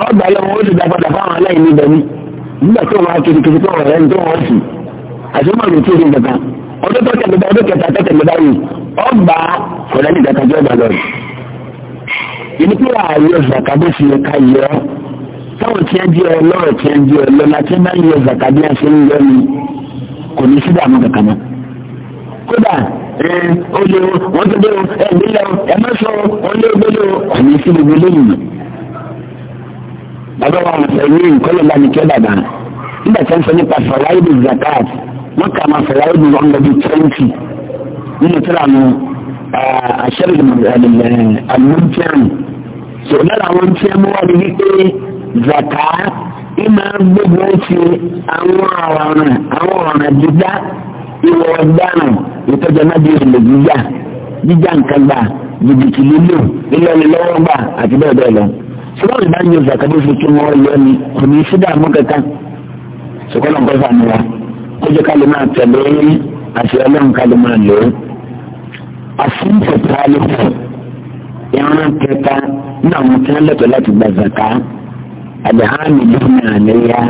A: ọgbà yẹn wọn ó ti dàgbàdà fáwọn aláìní bẹ̀mí nígbà tó wọn kiri kiri tó wọn rẹ̀ ń tó wọn sì àti ọmọ mi tó ṣe nǹkan ọdún tó tẹ̀lé bá ọdún kẹta tó tẹ̀lé báyìí ìní pé ààyè zaka bó fi ẹ̀ka yọ ọ́ táwọn tí ẹ jẹ́ ọlọ́rọ̀ tí ẹ jẹ́ ọlọ́lá tí ẹ bá yọ zaka bí ẹ ṣe ń yọ ni kò ní síbẹ̀ àmọ́ kankan mọ́. kódà olè o wọ́n ti dé o ẹ̀mí lọ ẹ má sọ olè gbélé o kò ní sí gbogbo lóyún mi. bàbá wa àfẹ ní ìkọlẹ̀ bá mi kẹ́ bàbá nígbà tí wọ́n sọ nípa fọláìdì zakat wọ́n kà máa fọláìdì one hundred twenty nínú tíra mi àṣẹ́rìndínlẹ́ẹ̀lẹ́mọ́tíẹ̀mù tó lára àwọn tí ẹ mú wípé zaka ìmọ̀ gbogbo ti àwọn ọ̀ràn àwọn ọ̀ràn dídá ìwọ̀ ọ̀daràn ìtọ́jà náà di èlò jíjà jíjà nǹkan gbà jìbìtì lílò ìlọrin lọ́wọ́ gbà àti bẹ́ẹ̀ bẹ́ẹ̀ lọ. ṣùgbọ́n ìbá ń yọ zaka bí fi kí wọ́n yọ ni kò ní í sí dààmú kankan. ṣùgbọ́n ọ̀gọ́fà ni wa kó jẹ́ ká lè máa tẹ̀lé àti ọlọ́run ká lè máa lò ó àfúnfẹ̀ pálífù ìran kẹta ní àwọn tí wọ́n lẹ́tọ̀ọ́ láti gba zaka àdéhàmì lónìí àléyá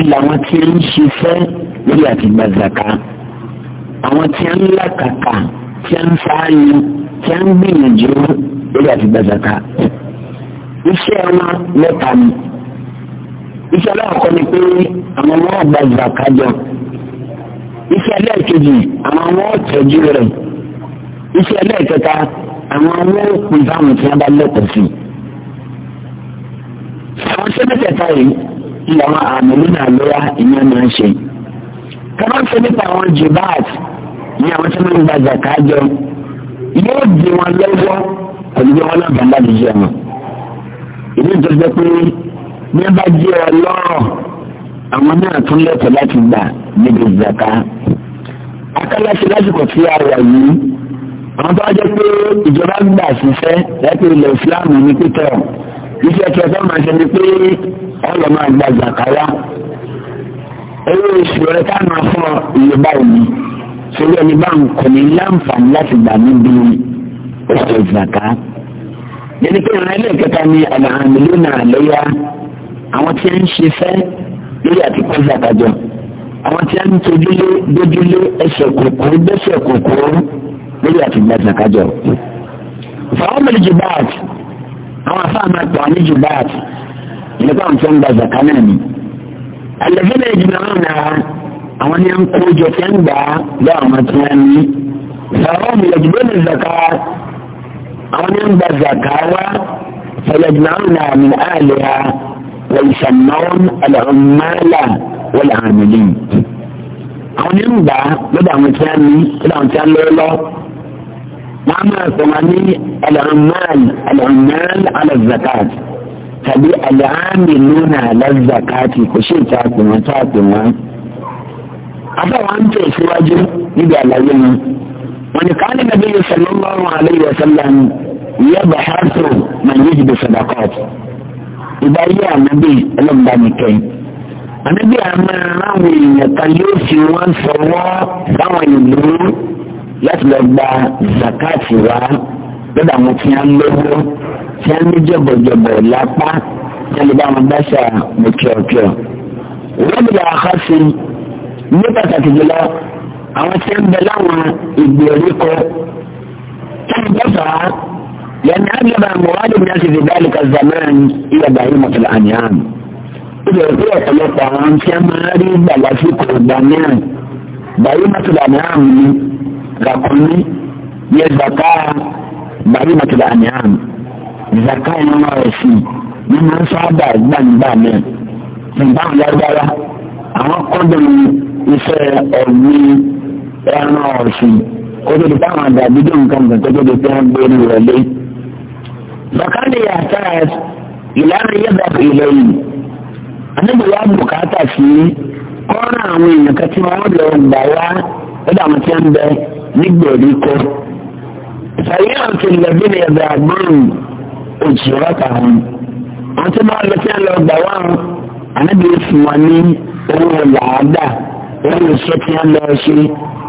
A: ilẹ̀ àwọn tí ń ṣiṣẹ́ lórí àti gba zaka àwọn tí ń làkàkà tí ń fáyé tí ń gbìyànjú lórí àti gba zaka iṣẹ́ wọn lẹ́ta ni iṣẹ́ aláàkọ́ ni pé àwọn wọn gba zaka jọ iṣẹ́ aláàkejì àwọn wọn tọ́jú rẹ̀ iṣẹ́ ẹlẹ́ẹ̀kẹta àwọn owó òpin fáwọn tí wọ́n bá lẹ́kọ̀ọ́ sí i. àwọn iṣẹ́ mẹ́tẹ̀ẹ̀ta yìí ni àwọn àmì nínú àlóyá ìyẹn máa ń ṣe. kábà ń sọ nípa àwọn jibat ní àwọn tí wọ́n ń gba zaka jọ yóò di wọn lọ́wọ́ pẹ̀lú bí wọ́n lábàá bá lè jẹ wọn. ìlú ìjọba pé bí wọ́n bá jẹ́ ọ lọ́rọ̀ àwọn náà tún lẹ́tọ̀ọ́ láti gbà níbi zaka. akálàṣe lásìkò tí a wà yìí àwọn tó wájẹ́ pé ìjọba gbà síṣẹ́ lẹ́pẹ́ ilẹ̀ Islam ní pítọ̀ iṣẹ́ tí ọ̀fẹ́ máa ṣe ni pé ọlọ́ máa gba zàkáyà owó oṣù rẹ ká máa fún ọ iye báyìí sórí ẹni bá ń kọ ní láǹfààní láti gbà níbi oṣù zàká yẹni pé ìran ẹlẹ́ẹ̀kẹta ni àlàhàmìlú náà lẹ́yà àwọn tí ń ṣiṣẹ́ lórí àti kọ́ zàkájọ àwọn tí ń tojúlé dójúlé ẹsẹ̀ kòkó dẹ́sẹ̀ kòkó lórí àtìgbàtà kájọ. fàwọn mẹ́lì jubaat àwọn afáàmà pọ̀ ní jubaat nípa nǹkan gba zaka náà ni. àlẹ́fẹ́lẹ́ ìjìnlẹ̀ náà nà àwọn ní à ń kó jọ tẹ́ ń gbà lọ àwọn tí wọ́n ní. fàwọn mẹ́lì jubaat ní zaka àwọn ní ń gba zaka wá fẹ́lẹ́ náà nà àmì àlẹ́ ha wọ́n ìsàmọ́wọ́n àlẹ́ wọ́n làwọn mẹ́lì. àwọn ní ń gbà lọ́dọ̀ àwọn tí wọ́n ní lọ́dọ̀ àwọn tí wọ́n lọ́ عمى ثمانية العمال العمال على الزكاة tàbí àlàámìlúnà aláàzàkáàtì kò sí ìta àpòmọ́ tá àpòmọ́. afọwọ́ ń tẹ̀ síwájú níbi àlàyé mi. wọ́n ní káàní nàbí yóò sọ̀rọ̀ lọ́rùn àlẹ́ yóò sọ̀rọ̀ ní ìyá bàhásù máa yé jìbì sọ̀dọ̀kọ́t. ìgbà yé láti lọ gba zakati wa lọ́dọ̀ àwọn tí wọ́n lówó tí wọ́n ní jọ̀bọ̀jọ̀bọ̀ lápá tí wọ́n lè bá wọn dáṣà mọ̀kíọ̀kíọ̀. wọ́n lè àká sí ní pàtàkì jùlọ àwọn tí wọ́n bẹ láwọn ìgbèríko tí wọ́n dáfà yẹn agbára mọ̀wádìí ní aṣèṣe dáàlì ka zamani ìyàgbá yìí mọ̀tàlá àníyàn. ó lè ọ̀pọ̀lọpọ̀ àwọn tí wọ́n máa rí ìgbà lásìkò ràkúnmí yẹ zaka bàbí màtìlá àmì àmì zaka ìnáwó ẹ̀sìn ní máa ń sábà gbàǹgbà náà nígbà lágbára àwọn kọ́ndọ̀mù iṣẹ́ ọ̀gbìn ẹran ọ̀sìn kótó di táwọn àdàbí dùn kankan kótó di pé wọ́n gbé ní ìrọ̀lẹ́. zaka lè yàtọ̀ ìlànà yẹ́dà ìlẹ̀ yìí anábìyà bùkátà sí kọ́ra àwọn èèyàn kan tí lọ gbà wá lọ́dọ̀ àwọn tí wọ́n bẹ́ẹ̀ nígbèríko sàyẹ́ àti ìlẹ̀bílẹ̀ ẹ̀dẹ̀ àgbọ̀rù òjìrọ̀ tàwọn wọn ti máa lọ sí ẹ lọ gbà wá ànábì fún wa ní owó làádà owó iṣẹ́ tí wọ́n lọ ṣe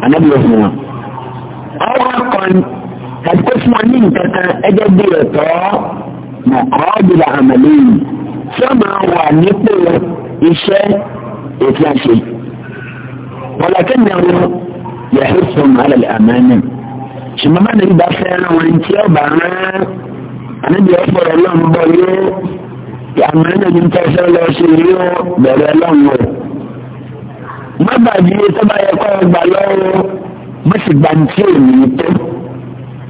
A: ànábì fún wa. ọwọ́ kan tàbí kó fún wa ní nǹkan kan ẹgbẹ́ bí ẹ̀tọ́ mọ̀kọ́ bíra àmàlẹ́ yìí tí wọ́n máa wà nípò iṣẹ́ ètí àṣẹ. wọ́n kí ni àwọn yẹ̀hẹ́sùn alẹ́ àmánì ṣùgbọ́n bá nàbí bá fẹ́ràn wọn tí ó bá rán ànábì ọ̀pọ̀ ọlọ́run bọ̀ yé àmánì ní tẹ́sẹ̀ lọ sí yé ó bẹ̀rẹ̀ ọlọ́run o má bàbí tó bá yẹ kọ́ gbà lọ́wọ́ má sì gbà ní tí ò ní tó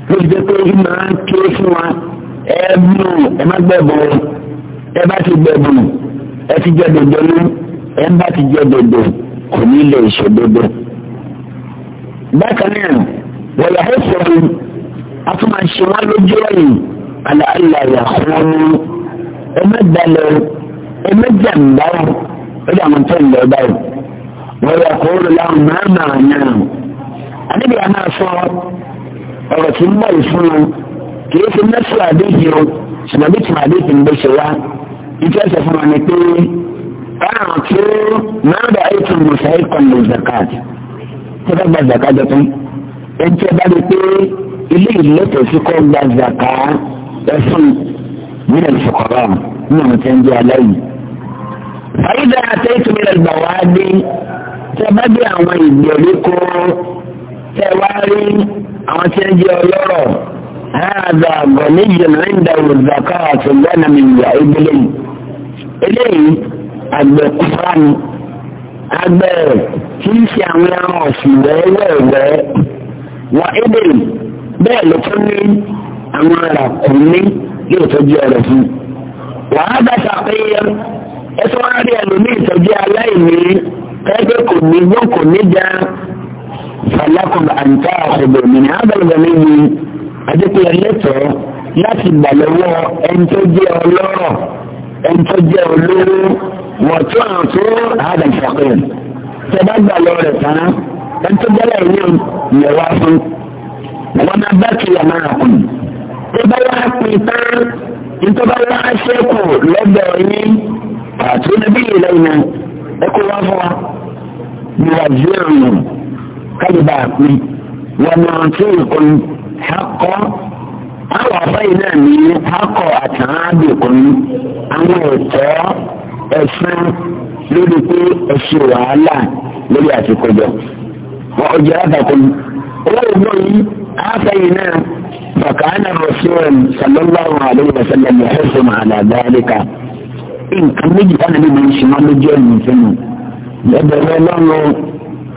A: ló jẹ́ pé ó máa ń ké fún wa ẹ mú má gbẹ̀bọ̀ ẹ bá ti gbẹ̀bọ̀ ẹ ti jẹ́ dòdò ẹ bá ti jẹ́ dòdò kò ní lè ṣòdodo. bákan náà wọ̀yà ẹ̀sìn afúnmáṣe wọn lójú ẹ̀yìn aláàlá yàtọ̀ ẹ̀mẹ́dàlẹ̀ ẹ̀mẹ́dàmbáwò ẹ̀dá àwọn tó ń lọ báyìí wọ̀yà kóòrò láwọn màmá náà adébí àmà sọ ọ̀rọ̀ tí ń bọ̀ ìfún wọn kì í fi mẹ́sàn-án àdéhìí o ṣùgbọ́n bí tìmọ̀ àdéhìí ń bẹ ṣe wá ìtí ẹsẹ̀ fún wọn ni pé ọ̀ràn tí mẹ́rẹ̀ẹ́dà ẹ̀tùn mùsàlẹ̀ kan lè zakat. tí wọ́n gba zaka jọ tán ẹni tí wọ́n bá rí pé ilé ìlẹ́tọ̀ sí kọ́ gba zaka ẹ̀fọn nínú ìfọkọ̀rọ̀ nínú àwọn tí wọ́n jẹ́ aláìní. fàyídà àtẹ́tù mi lọ́gbà wá dé tí wọ́n bá dé àwọn ìgbèríko tí wọ́n wá rí àwọn tí wọ́n jẹ́ ọlọ́rọ̀ هذا غني عنده الزكاة لنا من يعيب لي إليه القرآن agbẹ̀rẹ̀ tí ń ṣe àwọn ẹran ọ̀sìn wẹ́wẹ́wẹ́ wọ ebè bẹ́ẹ̀ ló tún ní àwọn ará kùnmí yóò tọ́jú ẹ̀rọ fún un. wàá bàtà pé ẹsọ wọn rí ẹlòmíì ìtọ́jú aláìní ẹgbẹ́ kò ní gbọ́n kò ní já fàlákùn àǹtá ọ̀gbọ̀n mi ní abẹ́lẹ́gbẹ̀ mi ni adékòyẹ lẹ́tọ̀ọ́ láti gbà lọ́wọ́ ẹni tó jẹ́ ọlọ́rọ̀ ẹni tó jẹ́ olówó wọ́n tún àwọn tó àádà ìfọ̀kẹ́yìn tẹ̀bá gbà lọ rẹ̀ tán ẹni tó jẹ́lẹ̀ ìwé ìyẹ̀ wá fún wọn náà bá kí ọmọ rà kùn tó bá wá pín tán nítorí bá wá ṣẹ́kù lọ́dọ̀ yín àti níbí ìlẹ́yìn ẹkọ wá fún wa ní wàjú ẹ̀rùn kálíbà pín wọn náà tún ìkọ́ni akọ àwọn afẹ́yìn náà ní akọ àtàwọn àbẹ̀kọ ẹ̀kọ́ ẹ̀sán lórí pé ẹ̀sìn wàhálà lórí àtikọjọ. wọ́n ọjọ́ àbàkùn owó ìgbọ́n yìí àfẹ́yìn náà bàkàánà rọ̀ṣọ́ọ̀n sàlọ́láhùn àlẹ́yìn ọ̀sẹ̀lẹ̀ ní ẹ̀sìn màálà dáríkà. nǹkan méjì táwọn ẹni máa ń ṣùgbọ́n lójú ẹ̀mí sínú. lọ́bẹ̀rẹ̀ ọlọ́run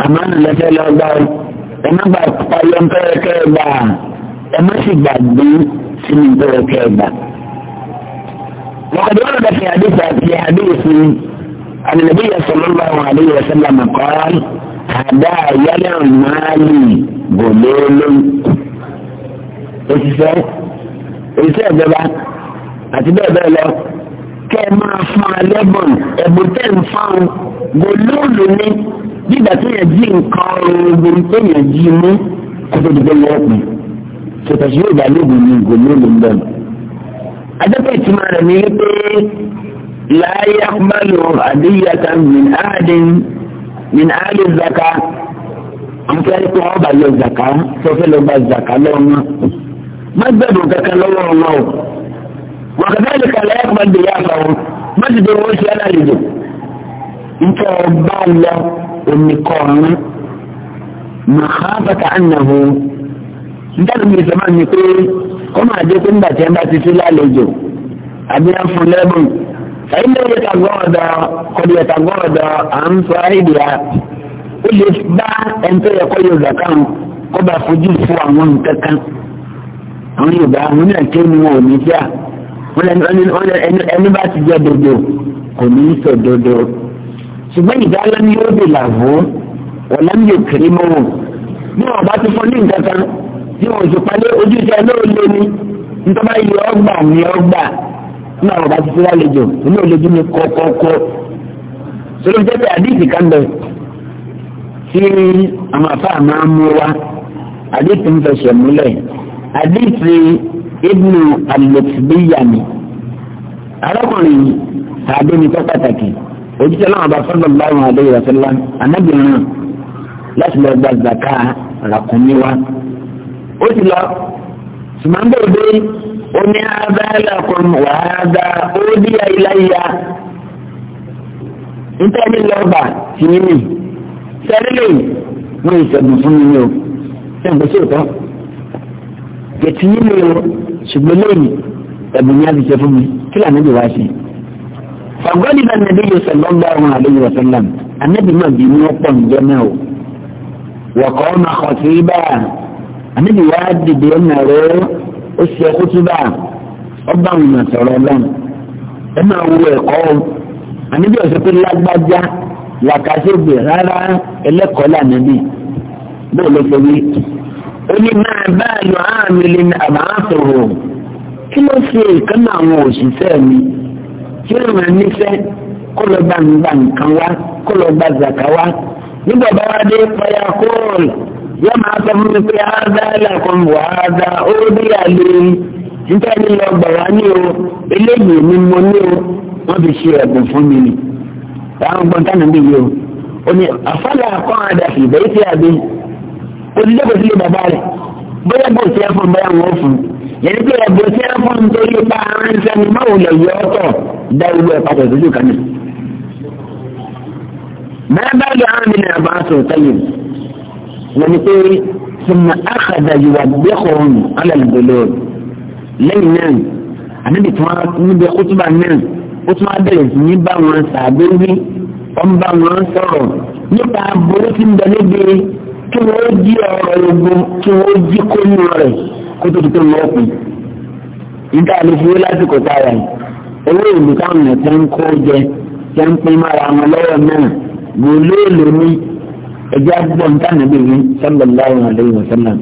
A: àmánà lẹ́fẹ́ lọ́gbà ẹ وقد ورد في حديث في حديث أن النبي صلى الله عليه وسلم قال هدايا المال غلول òṣìṣẹ́ òṣìṣẹ́ ìjọba àti bẹ́ẹ̀ bẹ́ẹ̀ lọ kẹ́ ẹ máa fún alẹ́bùn ẹ̀bùn tẹ́ ń fáwọn gòlóòlù ní dídà tó yẹ jí nǹkan ogun tó yẹ jí mú kó tó dìbò lọ́ọ̀pù ṣètò ṣe yóò dá lóògùn ní gòlóòlù ń bẹ̀rù. adẹ́pẹ́ ìtumọ̀ rẹ̀ ní wípé láyé akpọ́lù àdéhìyàtà mìnàdín mìnàdín zaka àmúkẹ́rẹ́ pé wọ́n bá yọ zaka sọfẹ́ ló gba zaka lọ́wọ́ wọn má gbẹ̀dùn kankan lọ́wọ́ wọn o wọ́n kàtà lè kàlẹ́ akpọ́lù yà fà wọn má ti dé wọ́n ṣe ẹ́ lálejò nǹkan ọba lọ oníkọ̀ọ̀rún màá bàtà ànàwó nítorí mi ìsọ̀mọ́ mi pé. ó máa jẹ́ pé nígbà tí ẹ bá ti sí lálejò àbí ẹ fún lẹ́bùn ẹ̀yin lè yẹta gbọ́ọ̀dọ̀ kọ́ni yẹta gbọ́ọ̀dọ̀ à ń sọ àìdíyà ó lè bá ẹni tó yẹ kọ́ yorùbá kan kó bá fojú fún àwọn nǹkan kan àwọn yorùbá àwọn náà ké ni wọn ò ní fíà ẹni bá ti jẹ́ dodo kò ní í sọ dodo ṣùgbọ́n ìdálámi yóò dè làwọ̀ wọ̀lámi yóò kéré mọ́wọ́ bí wọn bá ti fọ́ ní nǹkan kan tí wọn sì pa ní ojú iṣẹ́ náà lé ní nítorí iye ọgbà ní ọgbà nínú àwọn ọba títí lálejò inú òlejú ni kọ́kọ́kọ́ sórí jẹ́ pé àdìsí kan bẹ̀ tí àwọn afá máa ń mú wa àdìsí ń fẹsẹ̀ múlẹ̀ àdìsí ibnu alẹ́tìbíyàmì arákùnrin tàbí ní tó ojúṣe náà bá fọ́dọ̀ báwọn àdéhùn àti lánàá anábìrin náà láti lọ gba zaka ràkúnmí ó ti lọ ṣùgbọ́n bẹ́ẹ̀ dé omi abẹ́lẹ̀ kan wàá da ó dí ayíláyà nítorí lọ́ọ̀bà tì í nì sẹ́rílẹ̀ wọ́n ìṣẹ̀gùn fún mi o ṣẹ̀gbọ́n sí òtọ́ kẹ̀tì nílé o ṣùgbọ́n lẹ́yìn ẹ̀bùn ni a ti ṣe fún mi kí lànà ìdí wá ṣe. fàgọ́dì bá nàbí yóò sọ̀rọ̀ lọ́gbà ọ̀hún àlejò ọ̀sán lánàá anábì bí wọ́n pọ̀ ń jẹ́ náà o wọ̀kọ́ ọmọ àkọ́sí báyà àníbi wá dìde ọ̀nà rẹ̀ ó ṣe kútúbà ọba àwọn èèyàn sọ̀rọ̀ ọlọ́run ẹ máa wo ẹ̀kọ́ o àníbi ọ̀sẹ̀ pé lágbájá làkàṣègbè rárá ẹlẹ́kọ̀ọ́ lànàbí bẹ́ẹ̀ ló ṣe wí. ó ní máa bá a lọ àmì lè ní àbáhàtòrò kí ló ṣe ìkànnà àwọn òṣìṣẹ́ mi tí ó ràn níṣẹ́ kó lọ gbàǹgbà nǹkan wá kó lọ gbà zàkà wá nígbà bá wá dé payá yóò máa sọ fún mi pé áádá làkùn wà áádá ó rí àlè níta ni lọ gbà wá ní o eléyìí ni mo ní o wọ́n ti ṣe ẹ̀bùn fún mi ni táwọn gbọ́n tánà bí yìí o ó ní àfàlà kọ́ àdá sí ìbẹ́ ìfẹ́ àbí ó ti dẹ́kun sílé bàbá rẹ̀ bóyá bó ti ẹ̀ fún bóyá wọ́n fún yẹn ní pé ẹ̀bùn ti ẹ̀ fún nítorí pa àárín sẹ́ni máwò lè yọ ọ́tọ̀ dá ìwé ẹ̀ pàtó ìtọ́jú kan náà. bẹ́ẹ̀ bá lọ àwọn ènìyàn bá sọ̀rọ̀ wọ́n ní pé sọmọ àkàdà yìwà gbẹ́kọ̀ọ́n alàlùbẹ̀lẹ̀ lẹ́yìn náà àdébì tí wọ́n níbi kútùbà náà ó tún wá bẹ̀rẹ̀ sí ní bá wọn sàgbé wí wọ́n bá wọn sọ̀rọ̀ nípa aburú tí ń bẹ níbi kí wọ́n jí ọ̀rọ̀ ogun kí wọ́n jí kóyún rẹ̀ kó tó ti tó wọ́n kù. ìdá àlefowó lásìkò táyà owó ìlú táwọn ẹ̀ tẹ́ ń kó jẹ tẹ́ ń pín mára wọn lọ́wọ́ náà ẹjẹ agbọ nta anabi mi sallallahu alayhi wa sallam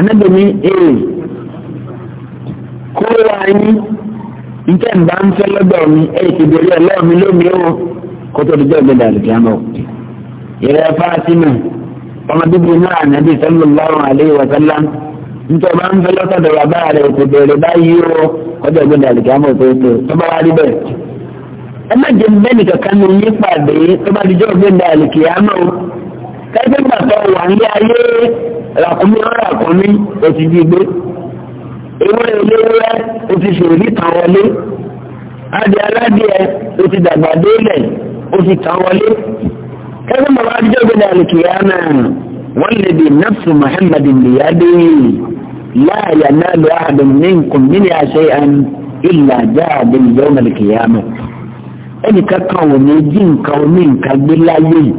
A: anabi mi ee kó wa yín nta nba ń fẹ́ lọ́dọ̀ mi ee ti bèrè Ọlọ́run mi lómi o kótó dídá ọgbẹdà àlùkìyàmọ yẹrẹ Fatima ọmọ bíbí náà anabi sallallahu alayhi wa sallam nta ọba ń fẹ́ lọ́sọ̀dọ̀ bàbá rẹ̀ ti bèrè báyìí o kótó ọgbẹdà àlùkìyàmọ tó tó tọ́ba wa rí ẹ má jẹ bẹ́ẹ̀ nìkan ní yín pàdé tọ́ba dídá ọgbẹdà àlùkìyàmọ o kẹ́gbẹ́ gbà tó wà ní ayé ràkúnmí ràkúnmí òtí gbígbé ewúrẹ́ eléwúrẹ́ òtí sòrí kan wọlé adìẹ aládìẹ òtí dàgbà délẹ̀ òtí kan wọlé kẹ́gbẹ́ bàbá àdìjọ́gbé ní alìkìyàmẹ́ wọ́n lè di nafsu muhammadu nìyàdé láàyè náà lọ́wọ́ àdùnmí nkùnmí ni àṣẹ àn ìlà jáde ìjọba alìkìyàmẹ́ ẹnì kankan wò ní jí nǹkan omi nǹkan gbé láyé yìí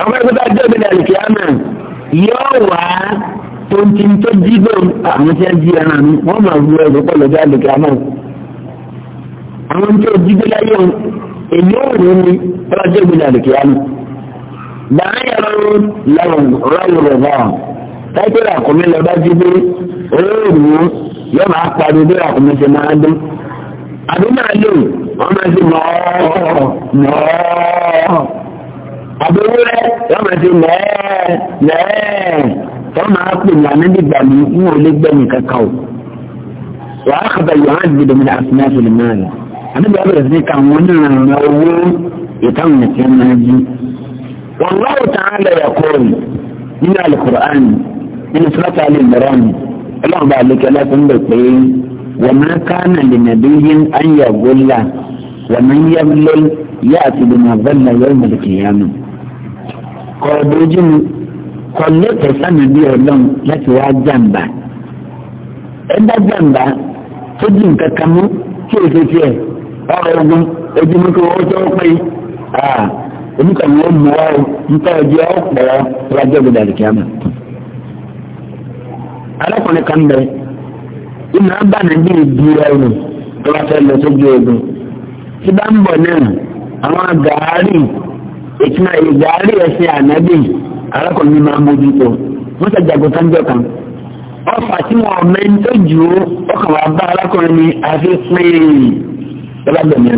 A: àwọn ẹgbẹ́ta jẹ́ òbí náà lèkì àmà yóò wá tonti tó jí bò àwọn tí wọ́n jí ẹ̀rọ àmì wọ́n máa wú ẹ̀rọ pọ̀ lọ́jọ́ àlèkì àmà. àwọn tí wọ́n jí bò láyé o èyí ò rí ni ọjọ́ òbí náà lèkì àmà. bàáyà lọ́rùn lọ́rùn rọ́ọ̀lù rẹ̀ bá táìpẹ́rẹ́ àkọ́mí lọ bá jí bò òórùn yóò máa pariwo bí àkọ́mí ṣe máa dún. àbí máa lò wọ́n máa ṣe mọ́ọ́ mọ́ọ́ àbúrú rẹ yóò máa ti lẹ́ẹ̀ lẹ́ẹ̀ tó máa pè ní anábìgbà mi ń wò lé gbẹ̀mí kankan o. wàá kàbà yohan gbèdé mi láti náà fi lè máa rẹ̀ anábìgbà bẹ̀rẹ̀ sí ká wọn náà ràn án owó ìtàwọn ẹ̀sìn ẹ̀ máa jí. والله تعالى يقول من القرآن من سورة آل عمران الله ذلك لا تنبق وما كان لنبي أن يغل ومن يغلل يأتي بما ظل يوم القيامة kọ̀ọ̀ dojú mi kọ̀ọ̀ lẹ́tẹ̀ẹ́ bí ọlọ́run láti wá jàǹbá ẹ jàǹbá tó di nǹkan kan mú tí o ṣe tiẹ̀ ọ̀rọ̀ ogun ojúmọ́ kí wọ́n tó pé oníkàwé ó mú ọ nípa ọjọ́ ọ̀pọ̀ ọlọ́jọ́ gbọdọ̀ àdìkí àmà. alákùnrin kan bẹ ìmọ̀ abánadí ìdí ẹrù tó bá fẹ́ lọ sójú ogun tí bá ń bọ̀ náà àwọn ìtumọ̀ ìgbàárí ẹ̀sìn ànábì arákùnrin máa mójútó wọ́n sọ jagun tán jọ kan ọfà tí wọn mẹ́ńtó jù ú ọkàn wà bá arákùnrin ní àfi pín lọ́ba gbẹ̀mí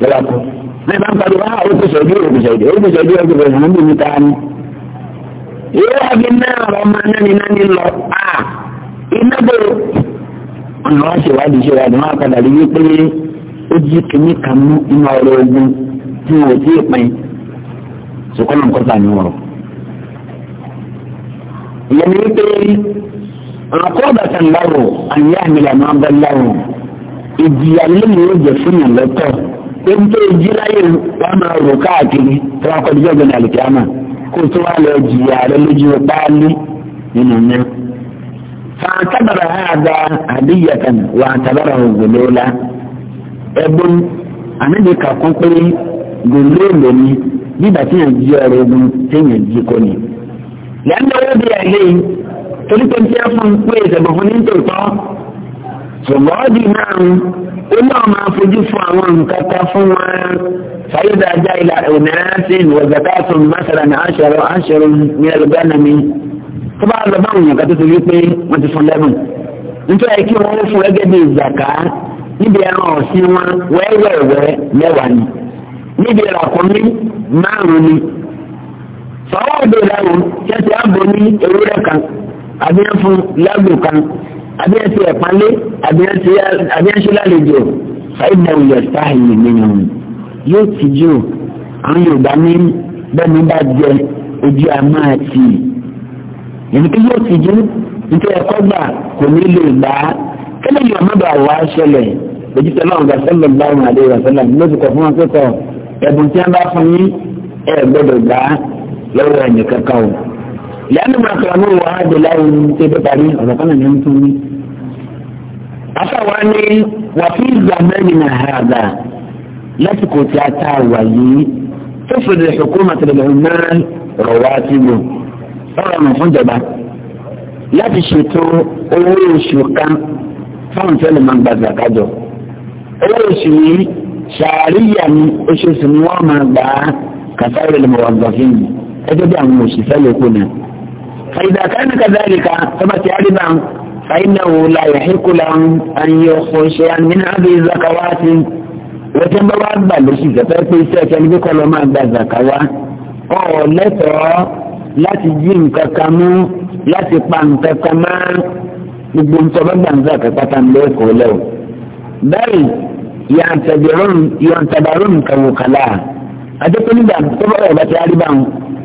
A: rẹ̀ lọ́ba kú mẹ́ta ń parí wá òkùsọ̀ ìdí òkùsọ̀ ìdí òkùsọ̀ ìdí òkùsọ̀ ìdí ànábì mi ta ni. ìwé àbí náà ọmọ nání nání lọ a iná bò ọ̀nà wá ṣèwádìí ṣèwádìí wọn padà rí wípé ó jí kìnnìkan mú inú ọ̀rọ̀ ogun tí wọn ò pín sọkọlọ nǹkan tà ní wọn. ìyẹn ní pé àkọọ́dà kan láwọ̀ àyè àmìlà máa bẹ láwọ̀ ìjìyà lónìí ó jẹ fún yàn lọ́tọ̀ pé n tó jí láyé wọn máa rò káàkiri tó wá kọjú ọ̀gbìn àlùkìyàmà kó tó wá lọ jìyà rẹ lójú páálí nínú náà. فاعتبر هذا هدية واعتبره غلولا ẹ̀bùn ànábì kàkún pé nígbà tí yàn jí ọ̀rọ̀ ogun tí yàn jí kọ ni. lẹ́nu owó bí ẹ̀lẹ́ yìí torí pé tí a fún pé ìṣẹ̀bọ̀ fún ní tòótọ́ ṣùgbọ́n ọdí náà ó náà máa fojú fún àwọn nǹkan kan fún wọn fàyọ̀dà ajá ìlà ìnáyàsìn wọ̀zàkàtún mọ́sálà ní àṣẹrọ àṣẹrọ ní ẹlẹgbẹ́nà mi tó bá lọ bá òyìnbó tó ti rí pé wọ́n ti fún lẹ́mù nítorí kí wọ́n fún ẹgẹ́ bíi zàká níbi ẹran ọ̀sìn wọn wẹ́wẹ́wẹ́ mẹ́wàá ni níbi ìràkúnmí márùn ni fọwọ́ òde ìlànà yẹtì ààbò ní ewúrẹ́ kan àbíyẹn fún lágùn kan àbíyẹn ti ẹ̀pánlé àbíyẹn ṣe lálejò fàídà òyẹ̀ sáàyè nínú yóò ti jù àwọn Yorùbá ní bẹ́ẹ̀ni bá jẹ ojú àmọ́ àti ìrìnkí yóò ti jù nítorí ẹ̀kọ́ gbà kò ní lè gbà á kẹ́lẹ́ yóò má bàa wá ṣẹlẹ̀ òjútẹ́ náà gbà sẹ́lẹ̀ bá àdéhùn àṣẹlẹ̀ ló kọ̀ fún wọn pé ẹ̀bùn tí wọ́n bá fún yín ẹ gbọ́dọ̀ gbà á lọ́wọ́ ẹ̀yìn kankan o. lẹ́nu màkàrà mú wàá àdìlá ohun tí ó parí ọ̀rọ̀ kan náà ń tún mí. afáwa ni wàfí ìgbà mẹ́rin náà ha àgbà lásìkò tí a ta àwà yìí tó fèrè ìṣòkó màtìrìlẹ̀ náà rọ̀ wá sí lò ọ̀rọ̀ ọ̀nà fún ìjọba láti ṣètò owó oṣù kan fáwọn tí wọ́n lè máa gbàgbà kájọ owó oṣù yìí ṣàríyà ni oṣooṣù ni wọ́n máa gbà á kàfáìrì lè mọ̀ wà gbà fún mi ẹjọ́ bí àwọn òṣìṣẹ́ lè kú ni. fàyidà kánú kàdáríkà tọ́ba ti á rí bá fàyínà wò la yàhíkù lan ayé ọ̀ṣẹ́ àmìnà àbí zakawati wọ́n ti ń bá wá gbà lóṣù kẹfẹ́ pé iṣẹ́ ìṣẹ́ níbi kọ́ lọ́ máa gba zakawa kọ́ lẹ́tọ̀ọ́ láti jí nǹkan kan mú láti pa nǹkan kan máa gbogbo nǹkan bá gbà ń zàkà pátá ń lé ẹ̀kọ́ lẹ́wọ̀. bẹ́ẹ̀ yàtàbàrún kàwòkàlà adékònígbà tó bá wà bàtà àríbàwọn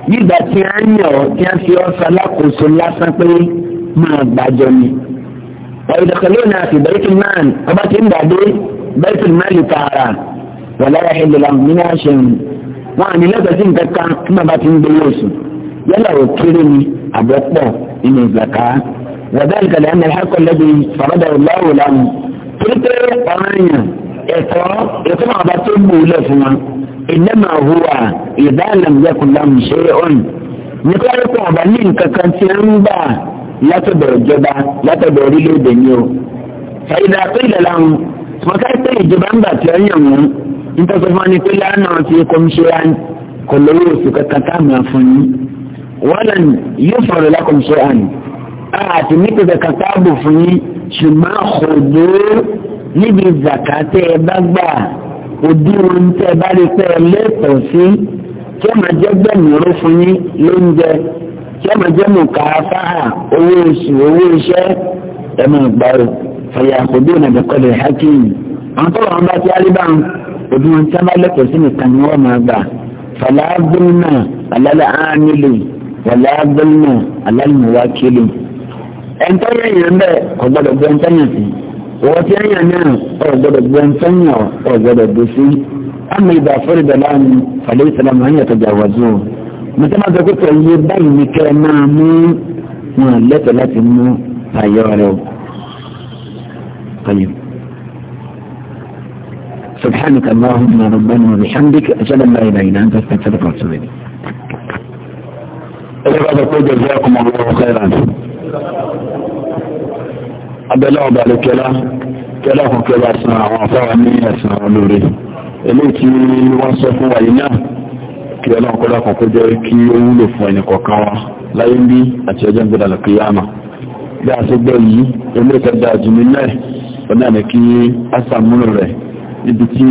A: nígbà tí a ń yàn ọ́ tí a fi ọ́ ṣalákòóso lásán pé máa gbàjọ ni. ọ̀yọ̀dọ̀kọ̀lẹ́ náà fi bẹ́ẹ̀tì máa ọba tí ń dàdé bẹ́ẹ̀tì máa lè tààrà wà lára ìlera nínú àṣẹyìn wọn àní lẹ́tọ̀ọ́ sí nǹkan kan tí màá bá ti ń gbé lóṣù yálà ò kéré ni àbọ̀pọ̀ nínú ìgbàká. wàdà ìkàlẹ̀ àmì ẹ̀hákọ̀ lẹ́bi fàrọ̀dà ìlà ẹ̀kọ́ ẹ̀kọ́ náà bá tó gbò lẹ̀ fún wa ìdẹ́mà hùwà ìdálàmùjẹkùnlámù ṣe é ọ̀n nípa ẹ̀kọ́ ọ̀bà ní nǹkan kan tí ń gbà látọ̀dọ̀ ìjọba látọ̀dọ̀ orílẹ̀-èdè ni o. ṣàyẹ̀dà pé ìlẹ̀lá ń mọ̀ká pé ìjọba ń bà tí ó yàn wọ́n nítorí wọn ni pé lánà ti kọ́mṣẹ́ra kò lówó oṣù kankan táàmù fún yín. wọ́n lọ yóò fọ̀rọ̀ lákọ̀mṣẹ́ra ni. àti nípa kankan táàbù fún yín ṣùgbọ́n níbi zakate ẹ bá gbà òdi ohun tẹ ẹ bá rí pé ẹ lẹ́tọ̀ọ́ sí tí ọmọ jẹ́ gbẹ̀mìíró fún yín lóúnjẹ tí ọmọ jẹ́ mùkà fáà owó oṣù owó iṣẹ́ ẹ máa gbà ó fàyà òbí ìnàdàkọ́lẹ̀ hakim àwọn tó wọn bá ti aríbá ń òdi ohun tí wọn bá lẹ́tọ̀ọ́ sí nìkan ni wọ́n máa gbà fàlà abúlmà alálẹ́ àánilè wàlẹ́ abúlmà alálẹ́ mùwákìlì ẹ̀ńtọ́ yẹn yẹn bẹ́ẹ̀ wọ́n ti ẹ̀yàn náà ọ̀gbọ́dọ̀ gbọ́n fẹ́yàn ọ̀gbọ́dọ̀ gbé sí àmì ìgbà fọ́rìdà láàrin fàlẹ́ ìsìlámù hanyà tó jàwàzó mọ̀tẹ́ máa sọ pé iye báyìí ní kẹ́ ẹ máa mú wọn lẹ́tọ̀ láti mú ayọ̀ rẹ̀ o. سبحانك اللهم ربنا وبحمدك أشهد أن لا إله إلا أنت أستغفرك وأتوب إليك. إذا جزاكم الله خيرا. abẹ́lẹ́ ọba lẹ́kẹ́lá kẹ́lá kan kẹ́lá san àwọn afárá ní ẹ̀sán olóore eléyìí tí wọ́n sọ fún wa yìí náà kí ọlọ́run kọ́lá kan kó jẹ́ kí ó wúlò fún ẹnì kọ̀ọ̀kan wa láyé ń bí àti ọjọ́ ìgbọ́dà lọ́kìyàmà bí a ṣe gbọ́ yìí ilé ìtajà jùmí náà ọ̀nà ni kí a sàmúlò rẹ̀ níbi tí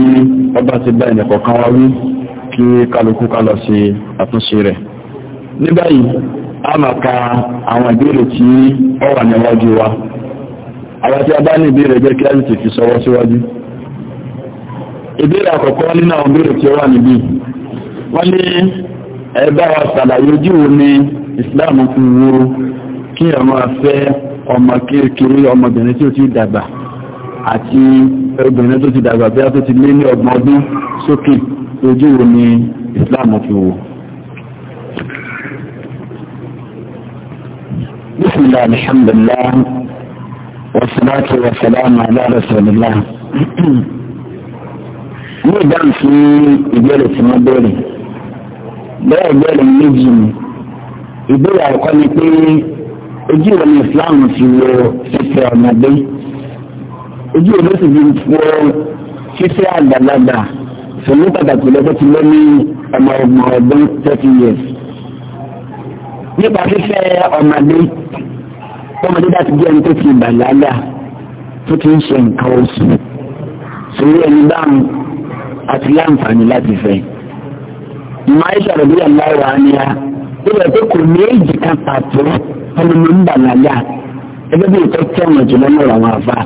A: ọba ti bá ẹnì kọ̀ọ̀kan wa wí kí kálukú ká lọ ṣe àtúnṣe rẹ̀ ní báyìí a máa ka àwọn ìbéèrè tí ó wà níwájú wa àwọn tí a bá ní ìbéèrè jẹ́ kí láti fi sọwọ́ síwájú ìbéèrè àkọ́kọ́ nínú àwọn ìbéèrè tí ó wà níbí wọ́n ní ẹ bá wa ṣàlàyé ojú wo ni Islam fi wo kí ọmọ afẹ́ ọmọ kékeré ọmọbìnrin tí ó ti dàgbà àti obìnrin tó ti dàgbà bí a tó ti lé ní ọgbọ̀n ọdún sókè ojú wo ni Islam fi wo Bismillah alhamdulillah والصلاة والسلام على رسول الله ní ìdáhùn sí ìbéèrè tí wọ́n béèrè bẹ́ẹ̀ ìbéèrè méjì ni ìbéèrè àkọ́kọ́ ni pé ojú ìwọ ni Islam ti wo fífẹ́ ọmọdé ojú ìwọ sì ti wo fífẹ́ àgbàlagbà pẹ̀lú pàtàkì lọ́jọ́ ti lé ní ọmọ ọgbọ̀n ọdún thirty years nípa fífẹ́ ọmọdé ọmọdé bá ti jẹ́ ẹni tó ti bàlágà tó ti ń ṣe nǹkan oṣù sórí ẹni báwọn àti láǹfààní láti fẹ́. Maisha rẹ̀ bí a àníyá ilẹ̀ tó kò ní èjì kan pàtó ọmọ mi ń bàlágà ẹgbẹ́ bí ìtọ́ tẹ̀wọ̀n jùlọ ní ọ̀rọ̀ àwọn àfà.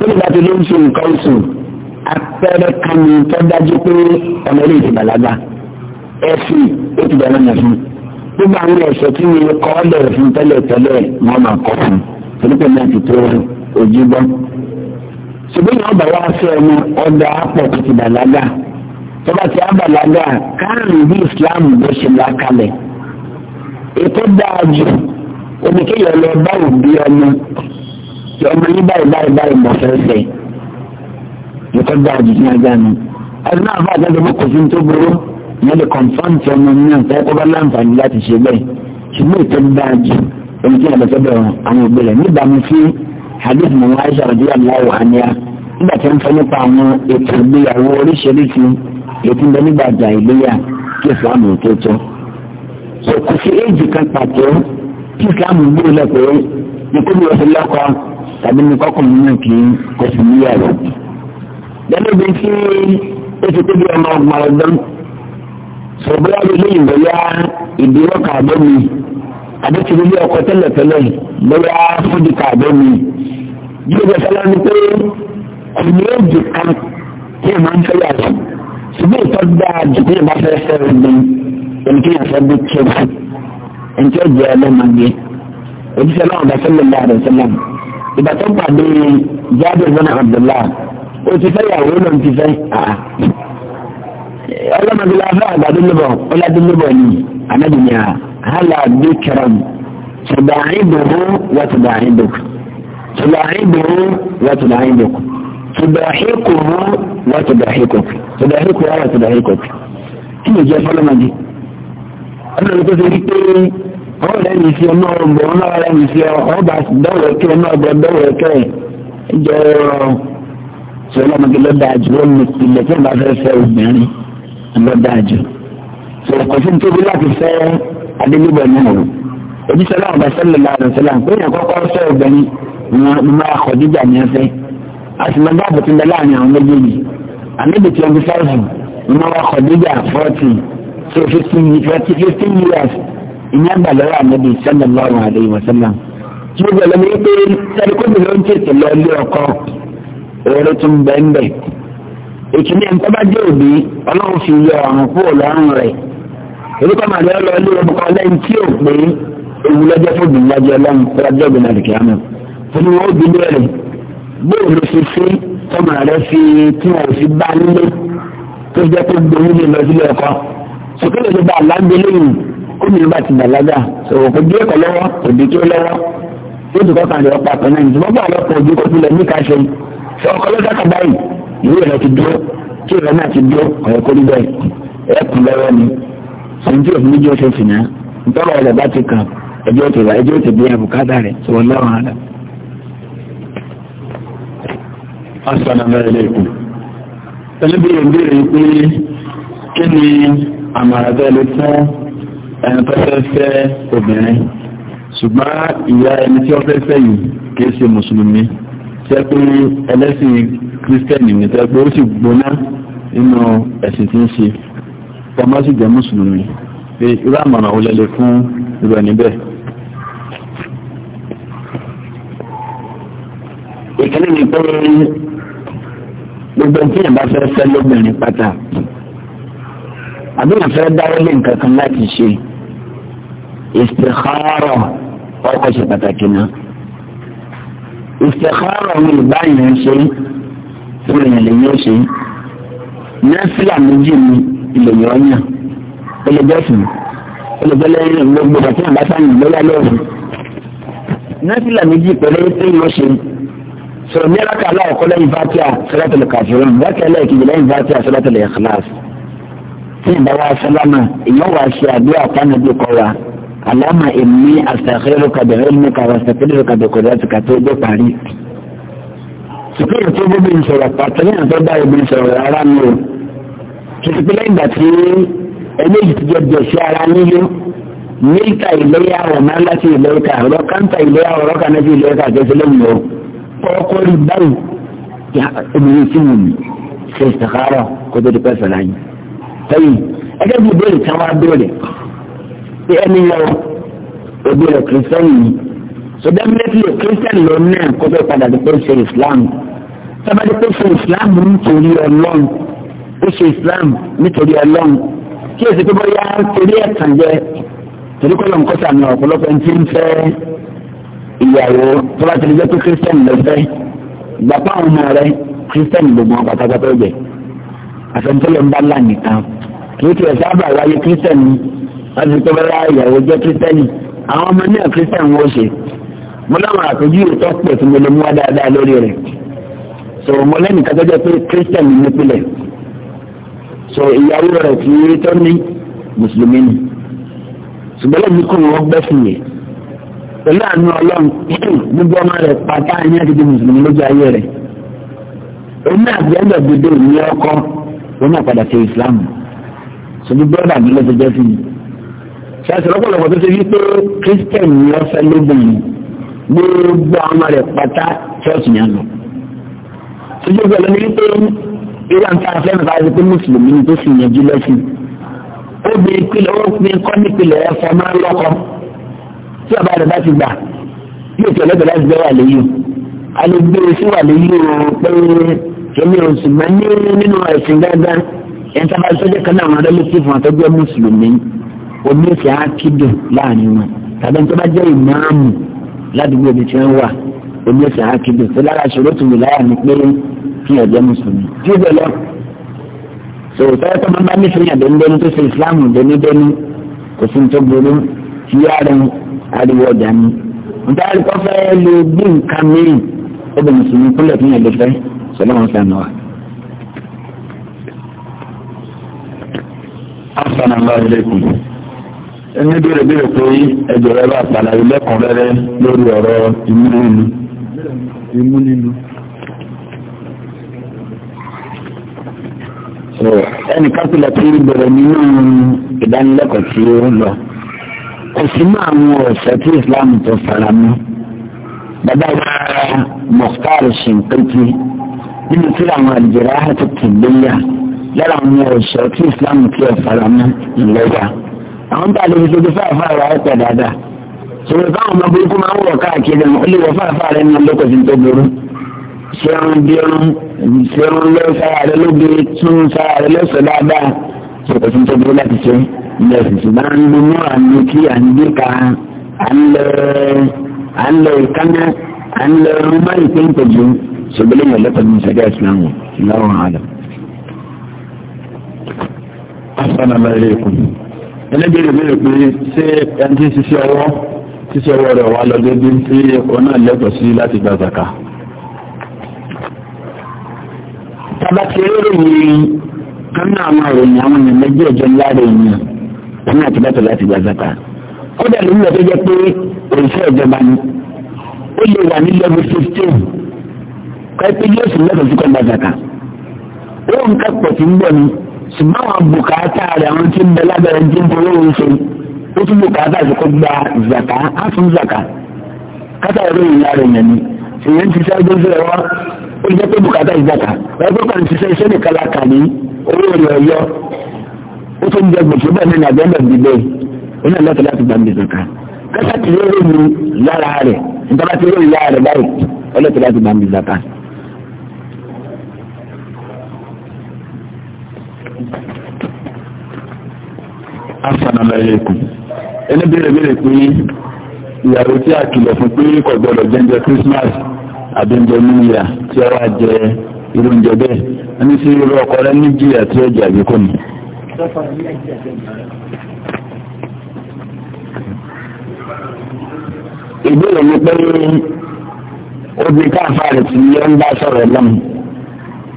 A: Ó lè bá ti ló ń ṣe nǹkan oṣù apẹ̀rẹ̀ kan ní tó pé ọmọ ilé ìdìbàlágà ẹ̀sìn ó ti bẹ̀rẹ̀ mọ̀ fún un gbogbo àwọn ẹ̀ṣẹ̀ tí mi kọ́ lẹ̀ fún tẹ́lẹ̀tẹ́lẹ̀ wọn máa kọ́ fún torípé náà ti tó ojú bọ́. ṣùgbọ́n ìyá ọba wa fẹ́ ẹni ọ̀dà àpọ̀ tó ti bàlágà tó bá ti àbàlágà káàrin bí Islam bó ṣe là kalẹ̀. ètò dáa jù oníkéyọ̀ lọ bá òbí ọmọ ọmọ yìí báyìí báyìí báyìí mọ̀ fẹ́fẹ́ ètò dáa jù yẹn lè confam ti ọmọ náà fẹ́ kó bá láǹfààní láti ṣe bẹ́ẹ̀ ṣùgbọ́n ìtọ́ dáa jù ẹni tí àlọ́ sọ́dọ̀ àwọn òbí rẹ̀ níbàámu sí hadith mu aisha rẹ̀ aláwọ̀ àníyá nígbà tí wọ́n fẹ́ nípa àwọn ètò ìgbéyàwó oríṣiríṣi ètò ìgbẹ́ nígbà àjà ìléyà kí ìsìlámù tó tó. so kò sí éèjì kan pàtó kí ìsìlámù gbúrò lẹ́pẹ́ nítorí oṣù lọ́kọ tàbí nìkọ́kùnrin náà kì í kò sí níyàwó. lẹ́nu bí tí ó ti tó bí ọmọ ọgbọ̀n ọdún sọ̀bọ́lá mi lóyìn bẹ̀yà ìdíwọ́ kàbọ̀ mi àbẹ̀tìrì ilé ọkọ̀ tẹ́lẹ̀tẹ́lẹ̀ bẹ̀yà fúdi kàbọ̀ mi. bí o bẹ sọlá ni pé ọ̀nà èjì kan tí o máa ń fẹ́ yàtọ̀ ṣùgbọ́n ìtọ́ dáa jù bí o bá fẹ́ fẹ́rẹ̀ bí ẹni tí yàtọ̀ bí kéwù ẹni tí ó jẹ́ ọlọ́mọdé ojúṣe náà bá sẹ́lẹ̀ bá rẹ̀ sẹ́lẹ̀ ìgbà tó pàdé Jábir bin Abdullah o ti fẹ́ yàwó náà ti fẹ́ àá ọlọ́mọdé láfà àgbàdúlọ́bọ̀ ọlọ́dúnlọ́bọ̀ ni anábìyà hàlà bíkẹrọm tùbàáìdùrú wàtùbàáìdùkù tùbàáìdùrú wàtùbàáìdùkù tùbàáìkùrú wàtùbàáìkùkù tùbàáìkùrú wàtùbàáìkùkù kí ni jẹ́ fọlọ́mọdé ọlọ́run tó fi rí pé ọ̀rọ̀ rẹ̀ mi fi ọmọ ọgbọ̀n náà rẹ̀ mi fi ọba dọ́wọ̀ kẹ́ ọmọ ọgbọ̀n dọ́wọ̀ kẹ́ jẹ́ ọ̀rọ̀ sọlọ́mọdé lọ́dà àjùwọ́ mi ìlẹ̀ tí wọ́n bá fẹ́ fẹ́ obìnrin lọ́dáàjù sọ̀rọ̀ kò sí nítorí láti fẹ́ adélébọ̀ náà o ojúṣe aláwọ̀ bá sẹ́lẹ̀ láàrín sẹ́lẹ̀ pé èèyàn kọ́kọ́ fẹ́ obìnrin wọn máa kọ̀ jíjà ní ẹsẹ̀ àtìmọ́ báàbò ti ń bẹ láàrín àwọn méjèèjì àmẹ́bí twenty five wọn wá kọ̀ jíjà forty so fifteen forty fifteen years ìní àgbà lọ́wọ́ àmẹ́bí lọ́rùn àdéhùn ọ̀sẹ́lẹ̀ tí ó bẹ̀rẹ̀ lọ́wọ́ pé sẹ́ríkọ́bì ló ń tètè lọ ilé ọkọ òórùn tún bẹ́ẹ̀ ìkíní ẹ̀ńtọ́ bá jẹ́ òbí ọlọ́run fi yọ ọ̀run kúrò lọ́rùn rẹ̀ orúkọ màdé ọlọ ilé ọmọkọ lẹ́yìn tí ò pé ewu lọ́jọ́ fòbí lọ́jọ́ ọlọ́run lọ́jọ́ ọ̀gbìn àdìkì àmọ́ fún wọn òbí lẹ́rẹ̀ bóyá ló fi fi tọ́mọ rẹ̀ fi tí wọn ò fi bá nílé tó jẹ́ tó gbóyún ní lọ sílé ọkọ sọkúlẹ̀ ló bá alágbé lẹ́yìn ó ní bá ti bàlágà ìwé rẹ ti dúró ìwé náà ti dúró ọ̀rẹ́ kó bẹ́ẹ̀ ẹ kù lọ́wọ́ ni sèǹtì òfin méjì oṣù sì ná ntọ́wọ́ ẹ̀rọ ti kàn ẹjọ́ ti rà ẹjọ́ ti bí àbùkátà rẹ̀ sọ̀rọ̀ lọ́wọ́ àdá. ẹni bí pé kí ni fún ẹni fẹ́ obìnrin ṣùgbọ́n ìyá ẹni tí fẹ́ fẹ́ yìí kì í ṣe mùsùlùmí kírísítẹ́nì ní tẹ́gbẹ́ ó sì gbóná nínú ẹ̀sìn tí ń ṣe tọ́mọ́ sì jẹ́ mùsùlùmí pé irú àmọ̀ràn ó lẹ́lẹ̀ fún irú ẹni bẹ́ẹ̀. ìkíní ni pé gbogbo tí yàrá fẹ́ fẹ́ lóbìnrin pátá àbúrò fẹ́ dáwọ́ lé nǹkan kan láti ṣe istikhara ọkọ̀ ṣe pàtàkì náà istikhara mi ìbáyìí ń ṣe fún èèyàn lèyìn ó ṣe é nẹ́sílà méjì ni ìlèyìn ọ̀yàn ó lè jẹ́ sùn ó lè jẹ́ lẹ́yìn gbogbo ìgbà tí wọ́n bá sáyìn lọ́yà lọ́wọ́ nẹ́sílà méjì pẹ̀lú tí wọ́n ṣe sọ̀rọ̀ ní ẹ̀ka aláwọ̀kọ́ lẹ́yìn fatia sọ́dọ̀tẹ̀ lè kàfíràn bákẹ́ ẹlẹ́ẹ̀kejì lẹ́yìn fatia sọ́dọ̀tẹ̀ lè kíláàsì tí ìbáwá sálámà ìyẹn ṣe àdúrà pánàbí kọ́ wa aláma èmi àṣàkérò kàbẹ̀rẹ̀ mi kàwá àṣàkérò kàbẹ̀kọ̀dọ̀ àti kàtó ọjọ́ parí ṣùgbọ́n tí obìnrin sọ̀rọ̀ pàtó ní àtọ́ bá obìnrin sọ̀rọ̀ rárá o tuntun lẹ́yìn ìgbà eléyìí ti jẹ gbèsè ara nílé mílíkà ìléyà ọ̀nà láti ìléyà ọ̀rọ̀ káńtà ìléyà láti ìléyà àjẹsí lẹ́yìn o kọ́kọ́ ìbéèrè tí wọ́n béèrè pé ẹni lọ òbí rẹ̀ kìrìsìtẹ́nì yìí so definitely kìrìsìtẹ́nì lọ náà kó tó padà di ṣe ìsìláàmù tábàdé pé ṣe islam nítorí ọlọ́run ó ṣe islam nítorí ọlọ́run kí èsì pé bóyá torí ẹ̀tàn jẹ torí kọ́lọ̀ nǹkan sàmì ọ̀pọ̀lọpọ̀ ẹni tí ń fẹ́ ìyàwó tó bá ti lè jẹ́ pé kírísítẹ́nì ló fẹ́ gbàpá àwọn ọmọ rẹ kírísítẹ́nì gbogbo wọn pátápátá ọ̀gbẹ̀ àfẹnutọ́lẹ̀ ń bá là nìkan kì í tiẹ̀ sábà wáyé kírísítẹ́nì láti pé bóyá ìyàwó jẹ́ kírísítẹ́nì àwọn ọmọ náà kírísítẹ́nì wọ́n ṣe mo láwọn àpèjúwe tó pẹ̀ tí mo lè mú wá dáadáa lórí rẹ̀ so mo lẹ́nu kan tọ́jọ́ pé christian ní pílẹ̀ so ìyàwó rẹ̀ ti rí tó ní mùsùlùmí ni ṣùgbọ́n lẹ́nu kò wọ́n gbẹ́sìn yẹn pẹ̀lú àánú ọlọ́run gbogbo ọmọ rẹ̀ pátá ẹni àti di mùsùlùmí lójú ayé rẹ̀ oní àgbẹ̀ndọ̀ gbogbo ìní ọkọ wọn náà padà ṣe islam ṣojú bọ́ọ̀dà mi ló ti jẹ́ sí mi ṣáàṣì lọ́pọ̀lọpọ̀ tó ṣe wí pé christian ni wọ́n fẹ́ lóbìnrin gbogbo ọmọ rẹ̀ pátá church tójú pẹ̀lú ní wípé ìyá ń ta àfẹ́ràn bá rí pé mùsùlùmí ni tó sì yànjú lẹ́sìn obì ìpìlẹ̀ ó pin kọ́ nípìlẹ̀ ẹ̀fọ́ máa ń lọ́kọ́ tí ọba rẹ̀ bá ti gbà yóò tẹ̀lé bẹ̀rẹ̀ láti gbẹ́ wà lẹ́yìn alẹ́gbẹ́ e sí wà lẹ́yìn o pé èmi ò sì máa ní nínú ẹ̀sìn dáadáa ẹ̀ńtà bá sọ́jà kan náà wọn rẹ́lẹ́tìfù wọn olóòṣà akéde tó lára ṣòro tó wù láyà ni pé kí ẹ jẹ́ mùsùlùmí tí ó bẹ̀ lọ. sòwòtọ́ tó máa ń bá nífẹ̀ẹ́ yàn dénúdénú tó ṣe ìsìláàmù dénúdénú kò sí tó burú tí yára ariwo ọjà ni. nítorí kó fẹ́ lo bí nǹkan mìíràn ó bẹ̀ mùsùlùmí kúlẹ̀ fún yàn lẹ́fẹ́ sọlá wọn sànù wa. Assalamu alaikum ẹni bèrè bèrè pé ẹjọ́ rẹ bá àtàlàyé lẹ́kùnrẹ́rẹ́ lórí ọ̀rọ̀ ìmúlò ìlú imú lílu ẹnì kápẹ́lá tó ń bẹ̀rẹ̀ nínú ìdánilẹ́kọ̀ọ́ tí ó lọ kò sí mọ́ àwọn ọ̀sẹ̀ tí Islam tó fara mọ́ bàbá wa Mukhtar Shinkiti nínú tí àwọn àjẹrà àti tìgbéyà lára àwọn ọ̀sẹ̀ tí Islam tí ó fara mọ́ ńlọ́wà àwọn bá a lè fi ṣojú fáfáà rà ẹ̀ pẹ̀ dáadáa sọ̀rọ̀ táwọn ọmọ burúkú máa ń wọ̀ káàkiri àwọn olùwọ̀ fàáfàá rẹ̀ nínú lókòsí tó burú ṣẹ́run bírun ṣẹ́run lọ sára rẹ̀ lóbi tún sára rẹ̀ lọ́sọ̀ dáadáa lókòsí tó burú láti ṣe ilẹ̀ ṣùṣù bá ń lu mú àmì kí à ń gbé ka à ń lọ ìkánná à ń lọ ọmọ ìpéǹpẹ̀jù ṣùgbọ́n lẹ́yìn ọ̀lẹ́pẹ̀jù ìṣẹ̀dá ìsìlámù lọ́wọ́ ẹlẹ́gbẹ̀rẹ̀ mi rẹ̀ pé ṣé ẹni tí ń ṣiṣẹ́ ọwọ́ ṣíṣe ọwọ́ rẹ̀ wà lọ dédé tí ẹkọ̀ náà lẹ́tọ̀ sí láti gba zaka tabati eré ni kánà àwọn àròyìn àwọn èèyàn méjì ẹjọ lára èèyàn wọn náà ti láti gba zaka ó dẹ̀ nílò tó jẹ́ pé òṣìṣẹ́ ìjọba ni ó lè wà ní level fifteen kọ́ yóò sì lẹ́tọ̀ sí kọ́ zaka ó ń kápọ̀ tí ń bọ̀ ni ṣùgbọ́n àwọn bùkátà rẹ̀ àwọn tí ń bẹ lábẹ́rẹ́ ó tún lò káàtà sí gba zaka á fún zaka káàtà ẹ̀rọ ìyá rẹ̀ yẹn ni èyí ń ṣiṣẹ́ ọdún sí ẹ̀wọ́ ó jẹ́ pé bùkátà ìzàkà ẹgbẹ́ kan ṣiṣẹ́ iṣẹ́ nìkan la kà ní owó rẹ̀ ọ̀yọ́ ó tún jẹ gbèsè bẹ́ẹ̀ ní nàìjíríà náà dìbò ó náà lọ́tọ̀ láti gbàgbé zaka káàtà ti rí èrè mi lára rẹ̀ nígbà tí rí ìyá rẹ̀ báyìí ó láti gbàgbé zaka. Assalamu alaikum ẹni béèrè béèrè pé ìyàwó tí a kìlọ̀ fún pé kò gbọdọ̀ jẹ́ńjẹ Christmas àbí oúnjẹ new year tí a wá jẹ irú oúnjẹ bẹ́ẹ̀ ẹni sí irú ọkọ rẹ ní jìyà tí ó jẹ àbí kò ní. ìbéèrè mi pé obì káfáàrì tí yẹn ń bá sọ̀rọ̀ lọ́mù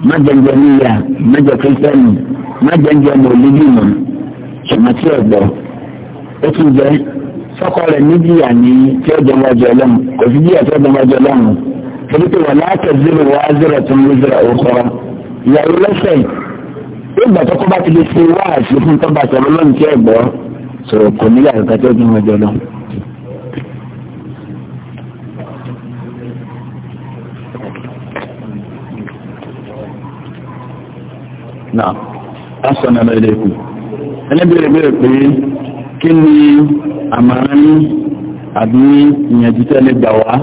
A: májẹ̀ǹjẹ̀ níyà májẹ̀ kírísítẹ́nì májẹ̀ǹjẹ̀ mọ̀lídìmọ̀ ṣùgbọ́n tí ẹ̀ gbọ́ ó tún jẹ́ sọ́kọ rẹ̀ níjìyà ní tí ó jẹun ọjọ́ ọlọ́run kò sí jìyà tí ó jẹun ọjọ́ ọlọ́run torí pé wọ́n láàkẹ́ zero wá zero tó ń zero òkọ́rọ́ ìyàwó lẹ́sẹ̀ ìgbà tó kọ́ bá ti lè ṣe wá àṣì fún tó bá sọ̀rọ̀ lọ́run tí ẹ̀ gbọ́ sọ̀rọ̀ kò níyà kàkà tí ó jẹun ọjọ́ ọlọ́run. náà a lọ ilé ikú ẹni bí rẹ̀ bí rẹ̀ kí ni àmàrán ní àbí ìyànjú tẹ́lẹ̀ gbà wá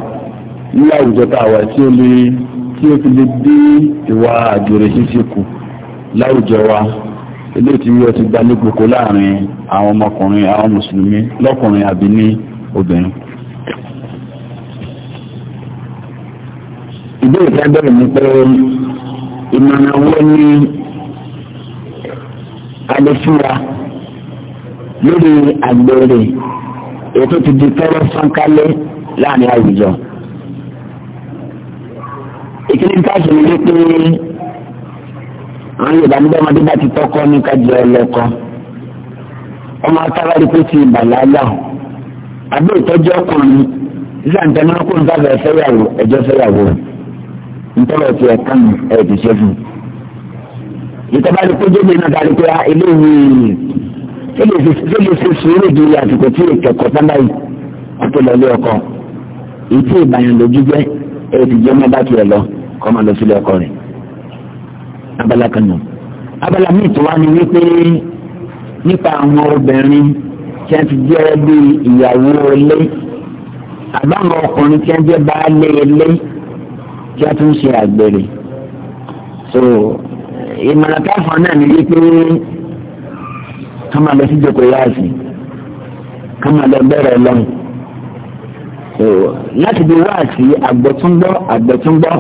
A: ní àwùjọ tá a wà tí ó lè tí ó fi lè dé ìwà àgbèrè ṣíṣe kù láwùjọ wa eléyìí tí wọ́n ti gba légbòkó láàrin àwọn ọmọkùnrin àwọn mùsùlùmí lọ́kùnrin àbí ní obìnrin. ìbéèrè tí a bẹ̀rẹ̀ ni pé ìmọ̀ràn wo ni a lè fúnra. lórí àgbèrè ètò ti di tọ́rọ fọ́nkálẹ̀ láàrin àwùjọ. ìkíni káàkiri ni wípé àwọn yorùbá nígbà ọmọdé bá ti tọ́kọ ní kájọ ọlọ́kọ ọmọ akáwárí kó ti bàlágà àbí ìtọ́jú ọkùnrin sísàǹtẹ̀ náà kó nǹkan fẹ́ fẹ́yàwó ẹjọ́ fẹ́yàwó ntọ́lọ̀ ti ẹ̀ka ẹ̀ ti ṣe náà pé ah, tó lè ṣe sùúrù di àsìkò tí ìkẹ́kọ̀ọ́ sábà yìí ọ̀tọ̀ lọ́lé ọkọ èyí tí ìbàyàn lójú jẹ́ èyí tí jẹ́mọ́ bá tiẹ̀ lọ kọ́ máa lọ sílé ọkọ rẹ̀ abala kan nù abala míì tó wá ní wípé nípa àwọn obìnrin tí a ti jẹ́ bí ìyàwó ilé àbáwọn ọkùnrin tí a jẹ́ baálé ilé tí a tún ṣe àgbèrè so ìmọ̀ràn káfọ́n náà ní wípé. Kama máa lọ sí ìjọkọ̀ yáàsì ká máa lọ bẹ̀rẹ̀ lọ. láti bí wá sí àgbọ̀túngbọ́ àgbọ̀túngbọ́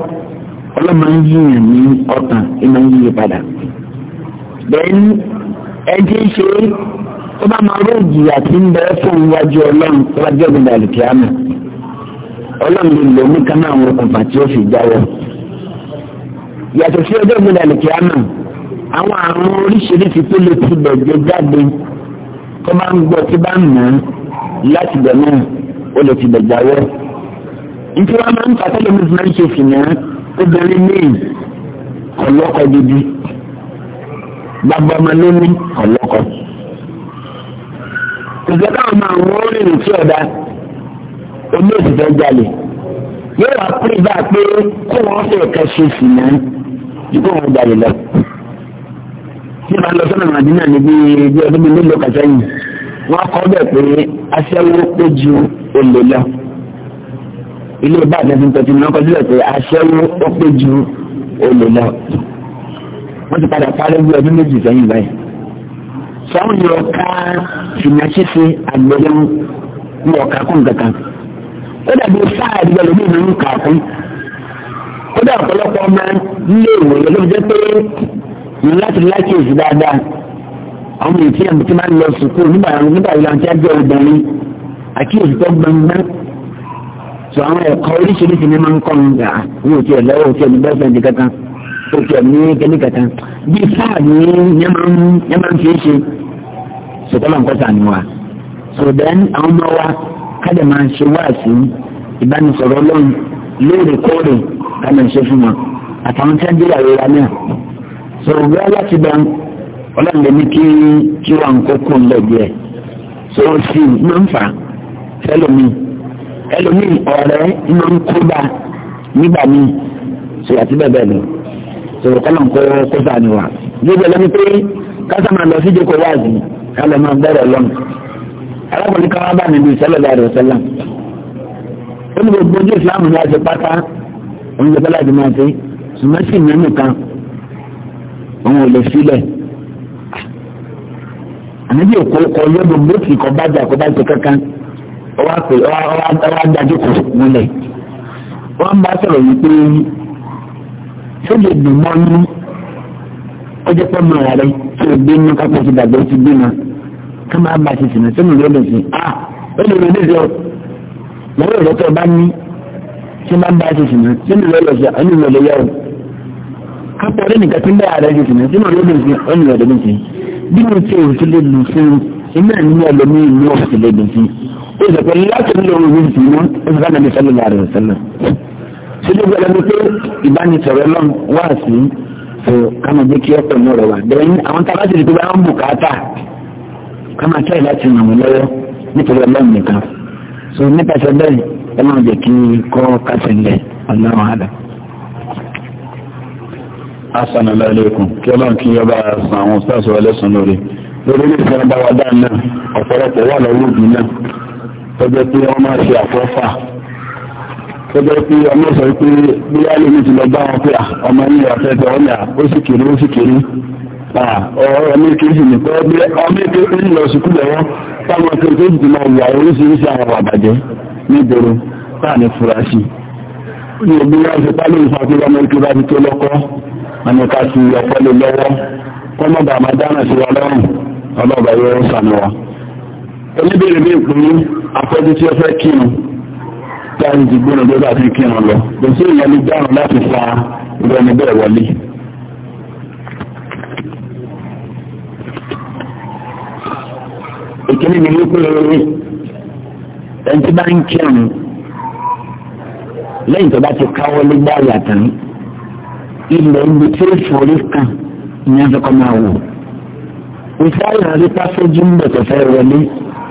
A: ọlọ́mọ ń yíyàn ní ọkàn ìmọ̀ ń yíyẹ padà. bẹ́ẹ̀ni ẹjẹ́ ṣe tó bá máa ró ìjìyà tí ń bẹ fún iwájú ọlọ́run tó bá jẹ́ ògbìnà àlùkìyàmù ọlọ́run lè lò ní kánáà àwọn okùnfà tí ó fi jáwọ́. yàtọ̀ sí ọjọ́ ògbìnà àlùkìyàmù àwọn àrùn oríṣiríṣi tó lè ti bẹ̀jẹ̀ jáde tó bá ń gbọ́ tí bá ń mọ̀ láti bẹ̀ náà ó lè ti bẹ̀jẹ̀ awẹ́. nítorí wọn máa ń fa tẹ́lẹ̀ mìíràn máa ń ṣe fìyà obìnrin míì ọlọ́kọ gidi gbàgbọ́ ọmọ ló ní ọlọ́kọ. ìjọba káwọn máa ń wọ́n rìn sí ọ̀dà omi òṣìṣẹ́ jalè yóò wá pé bá a pé kó wọ́n fẹ́ ẹ̀ka ṣe fìyà ju kó wọ́n jalè lọ tí bá lọ sọ́nà màdínà níbi bí ọdún mi nílò kàtẹ́yìn wọ́n kọ́ bẹ̀ pé aṣẹ́wó pé ju olè lọ ilé bá àtẹ̀sìn tó ti mọ́ kọ́ sílẹ̀ pé aṣẹ́wó ó pé ju olè lọ wọ́n ti padà parí bí ọdún méjì sẹ́yìn báyìí sọ́wọ́n yóò ká fìmáṣíṣe àgbẹ̀lẹ́ ń wọ̀ kákún kankan ó dàbí sáà ìdíjọ́ lóbi ìlú ń kàkún ó dà ọ̀pọ̀lọpọ̀ ọmọ ní láti lákèjì dáadáa àwọn èyí tí ẹ̀ ti máa ń lọ sùkú nígbà nígbà ìlànà tí a jẹ́ obìnrin àkíyèsí tó gbọngbọ́n tó àwọn ẹ̀kọ́ oríṣiríṣi ní máa ń kọ́ ń gà ní òkè ẹ̀ lọ́wọ́ òkè ní bẹ́ẹ̀fẹ̀ǹdì kankan òkè ẹ̀ ní kẹ́lí kankan bí sáà ní yẹn máa ń fi ṣe sọ̀tọ́lá nǹkan ni, wa sọ̀dẹ́n àwọn ọmọ wa kájà máa ń ṣe wáàsí ìbánisọ̀rọ̀ ọlọ́run lóòrèkóòrè ká máa ń ṣe fún wọn àtàwọn tí wọ́n dé ìyàwó wa náà so ìwé aláti bá ọlọ́run lè ní kí kí wà ń kókó lẹ́gbẹ̀ẹ́ so sì máa ń fà ẹlòmíì ẹlòmíì ọ̀rẹ́ máa ń kó bá nígbà míì so àti bẹ́ẹ̀ bẹ́ẹ̀ lọ so kọ́lọ̀ ń kó kó sáà ni wà gbogbo ẹlẹ́ni pé kásá máa lọ síjó kó wáàzì ká lọ máa gbọ́rọ̀ lọ́nà alákùnrin kan wá bá mi bí sẹ́lẹ̀ rẹ̀ sẹ́lẹ̀ ó ní gbogbo ojú ìsìlámù ní àti pátá òun lè fẹ́ òun ò lè sílẹ̀ ànábì òkú kọ yọdún bó ti kọ bájà kọ bá ti kankan ọwọ́ àpè ọwọ́ adájú kò múlẹ̀ wọ́n ń bá sọ̀rọ̀ yìí pé sóde dùn mọ́ ní ọjọ́ pẹ́ mọ́ ààrẹ tí o gbé ní ti ti gbé ma bá ti sìnà sínú ìlú ó lè bá ní bá ti sìnà sínú ìlú ìlú kápẹ́ ọdún nìkan tí ń bẹ́ ààrẹ jùlọ sínú ọdún ọdún ọdún ọdún ọdún bí mo ṣe òfin lè lù fún iná ní ọlọ́mí ìlú òfin lè lù fún ó sọ pé láti ní ohun yìí sí mọ́ ó sì fẹ́ràn mi sẹ́lẹ̀ láàrin ìṣẹ̀lẹ̀ sílẹ̀ gbọ́dọ̀ ni pé ìbánisọ̀rọ̀ lọ́n wá sí so ká máa jẹ́ kí ọ pẹ̀lú ọ̀rọ̀ wa bẹ́ẹ̀ ni àwọn tá a bá ti di pé bá ń bùkátà ká máa tẹ̀lé láti ràn wọ́n lọ́wọ́ nítorí ọlọ́run nìkan so nípasẹ̀ bẹ́ẹ̀ ẹ máa jẹ́ kí kọ́ kásẹ̀ ọlọ́run àdá asana lálẹ́kùn kí ọlọ́run kí ọba san àwọn stars wọlé sùn lórí lórí ní ìfẹ́ bá wa dá náà ọ̀pọ̀lọpọ̀ wà lọ́wọ́ òbí náà tọ́jọ́ pé wọ́n máa ṣe àfọ́fà tọ́jọ́ pé ọmọ sọ pé bí alẹ́ mi ti lọ bá wọn pé ọmọ yìí wà fẹ́ tẹ ọ́nà ó sì kéré ó sì kéré ọ̀rọ̀ mi kì í sì ní pé ọmọ èké ń lọ sùkú lọ́wọ́ táwọn akẹ́kọ̀ọ́ ti máa wà oríṣiríṣi àwọn àbàjẹ́ nígboro táà ní fura sí i. ní òbí wọn ṣe pálí ìfàkúrò ọmọ èké bá ti tó lọ́kọ́ wọn ni ká fi ọpọlọ lọ́wọ́ wọn mọba àmọ́ dáná sí wa lọ́rùn ọlọba yóò sànù wa. oníbèrè bí ìpín afọ́jú tí ó fẹ́ kírun dáhùn ti gbóná bí ó bá fi kírun lọ kò sí ìyẹn ní dáhùn láti fa ìrọ̀lẹ́ bẹ́ẹ̀ wọlé. ìkíní mi ní pé ẹni tí bá ń kírun lẹ́yìn tó bá ti káwọ́ lé gbáyà tán ilẹ̀ ibi tí ìfòrí kan ní afẹ́kọ́ máa wò. ìsáyà rí pásẹ́jú ń bẹ̀ tẹ̀fẹ́ wọlé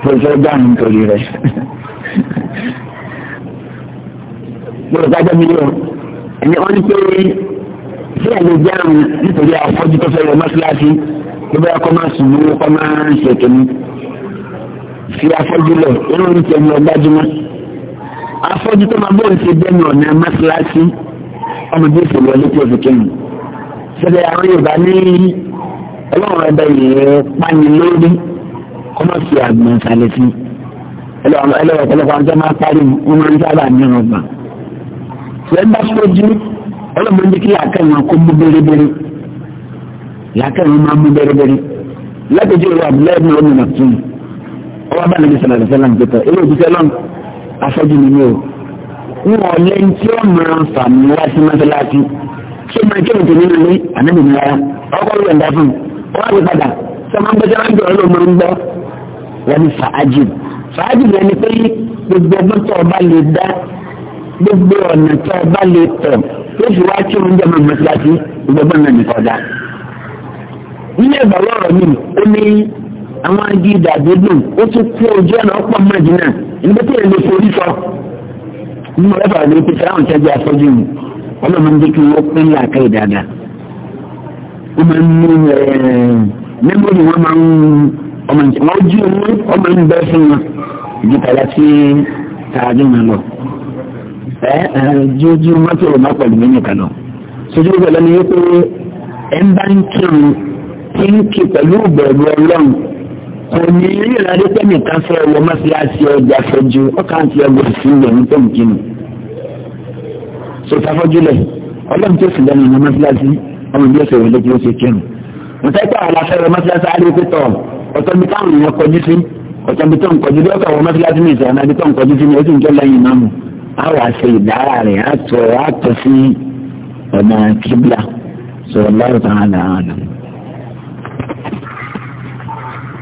A: tẹ̀fẹ́ gbà nítorí rẹ̀. gbọ́dọ̀ ká jẹ́bi yóò ẹni wọ́n ní pé sí ẹ̀ lè jẹ́ àrùn nítorí àfọ́jú tó fẹ́ wọ mọ́síláṣí tó bá kọ́ máa sùn lówó kọ́ máa ń ṣètò ní. fi afọ́jú lẹ̀ inú ní tẹ̀mí ọgbájúmọ́ afọ́jú tó máa bóun ṣe bẹ́ẹ̀ ní ọ̀nà mọ́síláṣí ọmọdé ìṣèlú ọlọ́tí òfin kẹ́yìn ṣẹlẹ̀ àwọn Yorùbá ní ọlọ́run ẹ̀dá yìí pani lórí kó má fi àgbọn ìsàlẹ̀ sí ẹlọ́run ọ̀pọ̀lọpọ̀ àwọn tó máa parí wọn máa ń sábà ní ọgbà ṣẹlẹ̀ bá ṣojú ọlọ́run ní kí àkẹ́wọn kó mú bẹ́rẹ́bẹ́rẹ́ làkẹ́wọn máa mú bẹ́rẹ́bẹ́rẹ́ látọjú ìwà abúlẹ́ẹ̀mí ọmọ nàtún ọwọ́ bá nàbí sàlẹ̀ sàlẹ̀ ń pẹ̀tọ̀ ilé òjútẹ́ lọ́n afọ́jú nínú o wọn lẹ́yìn tí ó máa fà mí wá sí mọ́tàláṣí ṣé máa kí òtún nínú ní ànábì mi rárá ọkọ rẹ̀ ń dá fún un wọ́n á fi padà sọ máa ń gbẹ́jọ́ máa ń dọ̀rọ̀ lóun ń gbọ́ wọ́n ní fàájì fàájì yẹn ni pé gbogbo ọgbọ́n tó ọba lè dá gbogbo ọ̀nà tó ọba lè tọ̀ tó fi wá kí oúnjẹ máa mọ́tàláṣí gbogbo ọ̀nà nìkan dá. nílẹ̀ ìbàwọ̀ ọ̀rọ̀ mi ó ní àwọn agi nínú ẹ̀fà rẹ̀ pé fẹ́ràn tẹ́jú afọ́jú ni ọlọ́mọ ń jẹ́ kí wọ́n pín làákà ìdáadáa ó máa ń mú mẹ́mórì wọn máa ń ọmọ ìjọ wọn jí owó ọmọ ń bẹ́ fún wọn ju tàyà sí tààjú wọn lọ ẹ ẹ jójú mọ́tò rẹ̀ má pẹ̀lú mí nìkan lọ sojú ìgbàlọ́ ni wípé ẹ ń bá ń kírun tí ń kí pẹ̀lú ìbẹ̀rù ọlọ́run kò ní ríra dé pẹ́ẹ́nì kan fẹ́ wọ mọ́síláṣí ọjà fẹ́jú ọkàn ti ọgbọ̀n sí ilẹ̀ ní pẹ́ẹ́nìkìnnì. sọta fọ́júlẹ̀ ọlọ́run tó sì lẹ́nu ní mọ́síláṣí ọmọ ìlú ọ̀sẹ̀ ìrọ̀lẹ́ kí ó ṣe kírun. mo sẹ́ pé àwọn afẹ́rẹ́ mọ́síláṣí á pé tọ̀ ọ̀tọ̀ mi táwọn èèyàn kọjú sí ọ̀tọ̀ mi tó ń kọjú bí ọkọ̀ wọ mọ́síláṣí mi ìṣẹ̀wọ̀n náà bí tó ń kọjú sí mi ó sì ń jọ lẹ́yìn náà mu á wà ṣe ìdára rẹ̀ á tọ̀ á tọ̀ sí ọ̀nà kíbla sọ̀rọ̀ lọ́rùn táwọn àlàáhàn náà.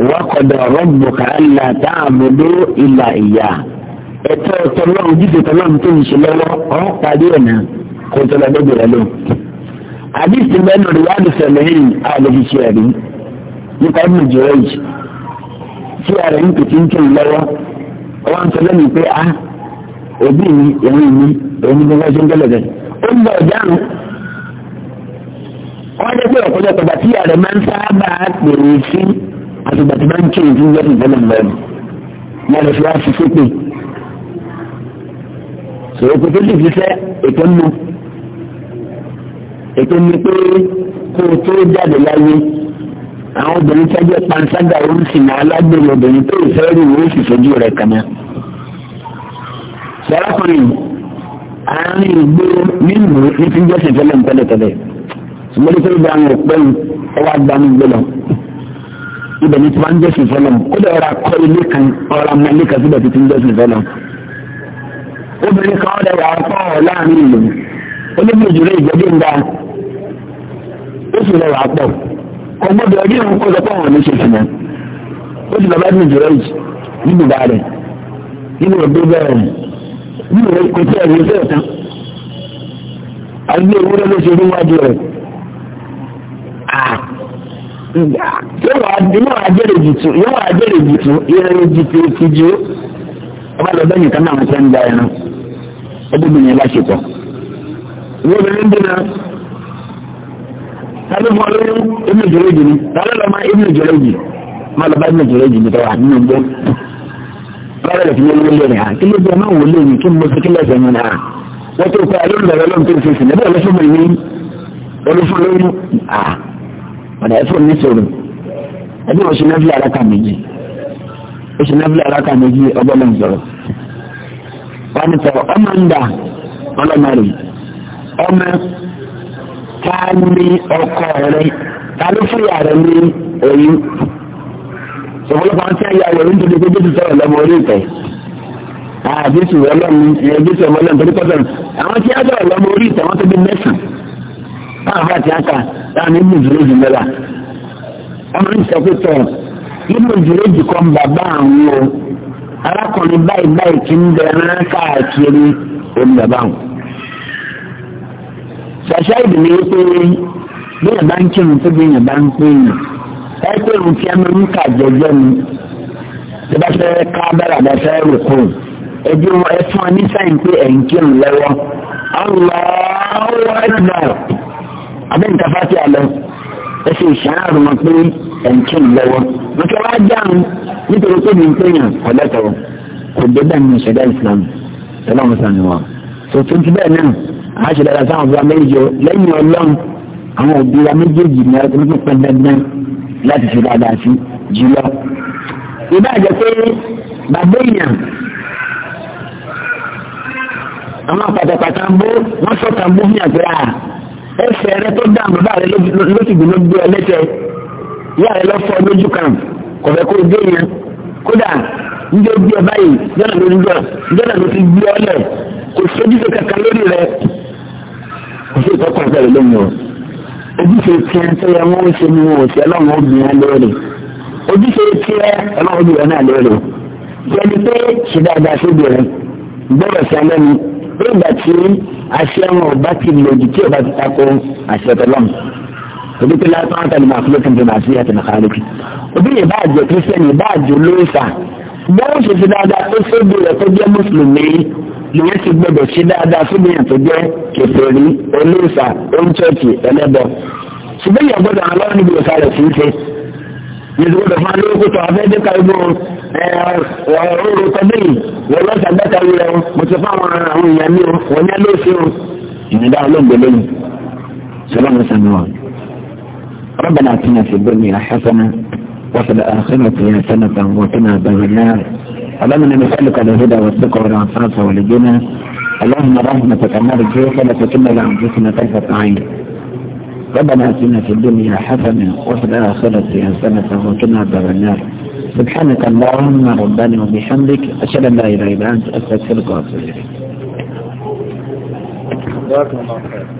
A: waqada rabbuka alla ta'budu illa iyyah ẹ̀tọ́ tọ́lọ́run jíde tọ́lọ́run tó ń ṣe lọ́wọ́ ọ́ parí ẹ̀ náà kó tọ́lọ́ lóde rẹ̀ lò. àdìsí mẹ́nu rí wádìí sẹ̀lẹ̀hìn àlejò ṣe ẹ̀rí nípa ẹ̀mí jùrẹ́jì tí ara ń pètè ń kéwì lọ́wọ́ wọ́n sọ a òbí mi èmi mi èmi mi wọ́n ṣe ń gẹ́lẹ̀ bẹ́ẹ̀. ó ń bọ̀ dáhùn wọ́n jẹ́ pé ọ̀pọ̀lọpọ̀ bàtí ààrẹ máa ń sábà àtìgbà tí bá ń kí ìdí yẹn ìgbẹ́lẹ̀ lẹ́nu wọ́n lè fi wá sí sépè sọ̀rọ̀ kò tó lè fi fẹ́ ètò ń mú ètò ń mú pé kó o tó jáde láyé àwọn obìnrin tẹ́jọ́ panṣágà oríṣìí alágbèrè obìnrin tó ìfẹ́ rí ìwé ìṣèṣojú rẹ̀ kàná. sọ́rákùnrin àárín ìgbé nínú ní fi ń ń tẹ́lẹ̀ tẹ́lẹ̀ ṣùgbọ́n tó ń gba àwọn òpẹ́yìn ọwọ́ agbámi gbé lọ ibẹ̀ ni tí wọ́n ń jẹ́sìn fọlọ́m kódà ọ̀rọ̀ akọ ilé kan ọ̀rọ̀ ọmọ ilé kan síbẹ̀ títí ń jẹ́sìn fọlọ́m. obìnrin kan ọ̀rẹ́ wà ọ̀pọ̀ láàrin ìlú olóbi ìjùlẹ̀ ìjọba ń bá ó sì lọ wà pọ̀ kò gbọ́dọ̀ rí òun kó lọ pọ̀ wọn ní ṣe fìlẹ̀ ó sì lọ bá ní ìjùlẹ̀ nínú bá rẹ̀ nínú òbí bẹ́ẹ̀ nínú kò tí ẹ̀rí fẹ́ tán àgbẹ̀ ewúrẹ́ ló ṣe níwájú yóò wá jẹ́rè jìtú yóò wá jẹ́rè jìtú yẹ́rẹ́ jìtú ìtìjú ọba lọ́dọ̀ nìkan náà ṣe ń da ẹran ọdúnbìnrin láṣepọ̀ ìwé obìnrin dínà tàbí fún ọlọ́run inú ìjọlẹ́jì ni tàbí lọ́mọ inú ìjọlẹ́jì má lọ́ba inú ìjọlẹ́jì ni tọ́wà nínú ìjọ bára rẹ̀ fi yẹ wọlé rẹ̀ hàn kí ló dé máa wọlé mi kí mo fi kílẹ̀ sẹ́yìn mi náà wọ́n tó kọ́ ayélujára lọ́nà tó fi ọ̀dà ẹ̀fọ́ ní sọ̀rọ̀ ẹbí oṣù nẹ́fìlì aráka méjì oṣù nẹ́fìlì aráka méjì ọgbọ́n ń sọ̀rọ̀ wọ́n sọ ọmọ ń dà ọlọ́mọrì ọmọ ta ni ọkọ rẹ ta ló fìyà rẹ ní oyún ọ̀pọ̀lọpọ̀ àti ayé ayé orí nítorí pé jésù sọ̀rọ̀ lọ́mọ orí ìtẹ̀ àbísù ah, ọlọ́run ìyẹn eh, jésù ọmọ ọlọ́run torí pọ́tọ́n àwọn tí a sọ̀rọ̀ lọ́mọ orí ìtẹ̀ wọ́n tó bí mẹ́sàn-án báàbá ti láàrin ibùdó ìdúró jù lọ́la ọmọ ìṣẹ́kùtọ̀ ibùdó ìdúró jù kọ́ bàbá àwọn o arákùnrin báyìí báyìí kì í bẹ̀rẹ̀ káàkiri òun bàbá wọn. ṣàṣà ìdìbò yìí pé bí yàrá bá ń kírun tó bí yàrá bá ń ẹ pé òun ti ẹnu ń kà abẹ́ǹkà fati àlọ́ ẹ ṣe ìṣàárò mọ̀ pé ẹ̀ǹkì lọ́wọ́ nǹkan wá dáhùn nítorí pé mi ń pèèyàn ọ̀lẹ́tọ̀ọ́ kò dé bẹ́ẹ̀ ní ìṣẹ̀dá ìsìlámù ọlọ́run sànù wa tuntun ti bẹ́ẹ̀ náà a ṣe dára sáwọn ọ̀gá méjọ lẹ́yìn ọlọ́run àwọn òbí wa méjèèjì ní ọdún tó pẹ́ dandan láti fi dáadáa sí jùlọ. ìbá jẹ pé bàbá èèyàn àwọn pátápátá ń bó wọ́n sọ̀tàn fún yàtọ̀ ẹsẹ̀ rẹ tó dá bàbá rẹ lóṣìgbìn ló gbé ọ lẹ́sẹ̀ ìyá rẹ lọ fọ lójú kan kò fẹ́ kó o dé yẹn kódà níjẹ́ gbé ọ báyìí jọ́nà ló ń gbọ́ jọ́nà ló ti gbé ọ lẹ̀ kò sójúṣe kankan lórí rẹ kò sí ìtọ́kùn ọ̀gá rẹ lóyún o ojúṣe tiẹ̀ ń tẹ́yẹ wọn ó ṣe mú wọn òṣì ọlọ́run ó bìyàn lóore ojúṣe tiẹ̀ ọlọ́run ó náà lóore yẹni pé ṣe dáadáa bí ìgbà tí àṣẹ wọn ò bá ti lòdì tí ò bá ti tako àṣẹ tọlọ́m òbí tó láti wọn tàbí màá fúlọ́tì tó màá sí àti màá kálí kí òbí yìí bá àjẹ kírísítẹ́nì yìí bá àjẹ olóòṣà bọ́ọ̀ ṣe ṣe dáadáa tó sóbi rẹ̀ tó jẹ́ mùsùlùmí lèyìn ti gbọdọ̀ ṣe dáadáa fúnbìyàn tó jẹ́ kẹfẹ́rí olóòṣà oúnjẹ ọ̀kì ṣùgbọ́n ìyàgbọ́dọ̀ يزول فعلوك تعبيدك يبون وعرور يمير إن لهم بلين سلام سنوان ربنا اتنا في الدنيا حسنة وفي الآخرة حسنة وقنا عذاب اللهم نسألك الهدى والثقة والعفاف والجنة اللهم رحمتك نرجوك لا تكلنا لأنفسنا كيف تعين ربنا اتنا في الدنيا حسنه وفي الاخره حسنه وقنا عذاب النار سبحانك اللهم ربنا وبحمدك اشهد ان لا اله الا انت استغفرك واتوب اليك جزاكم
B: الله خير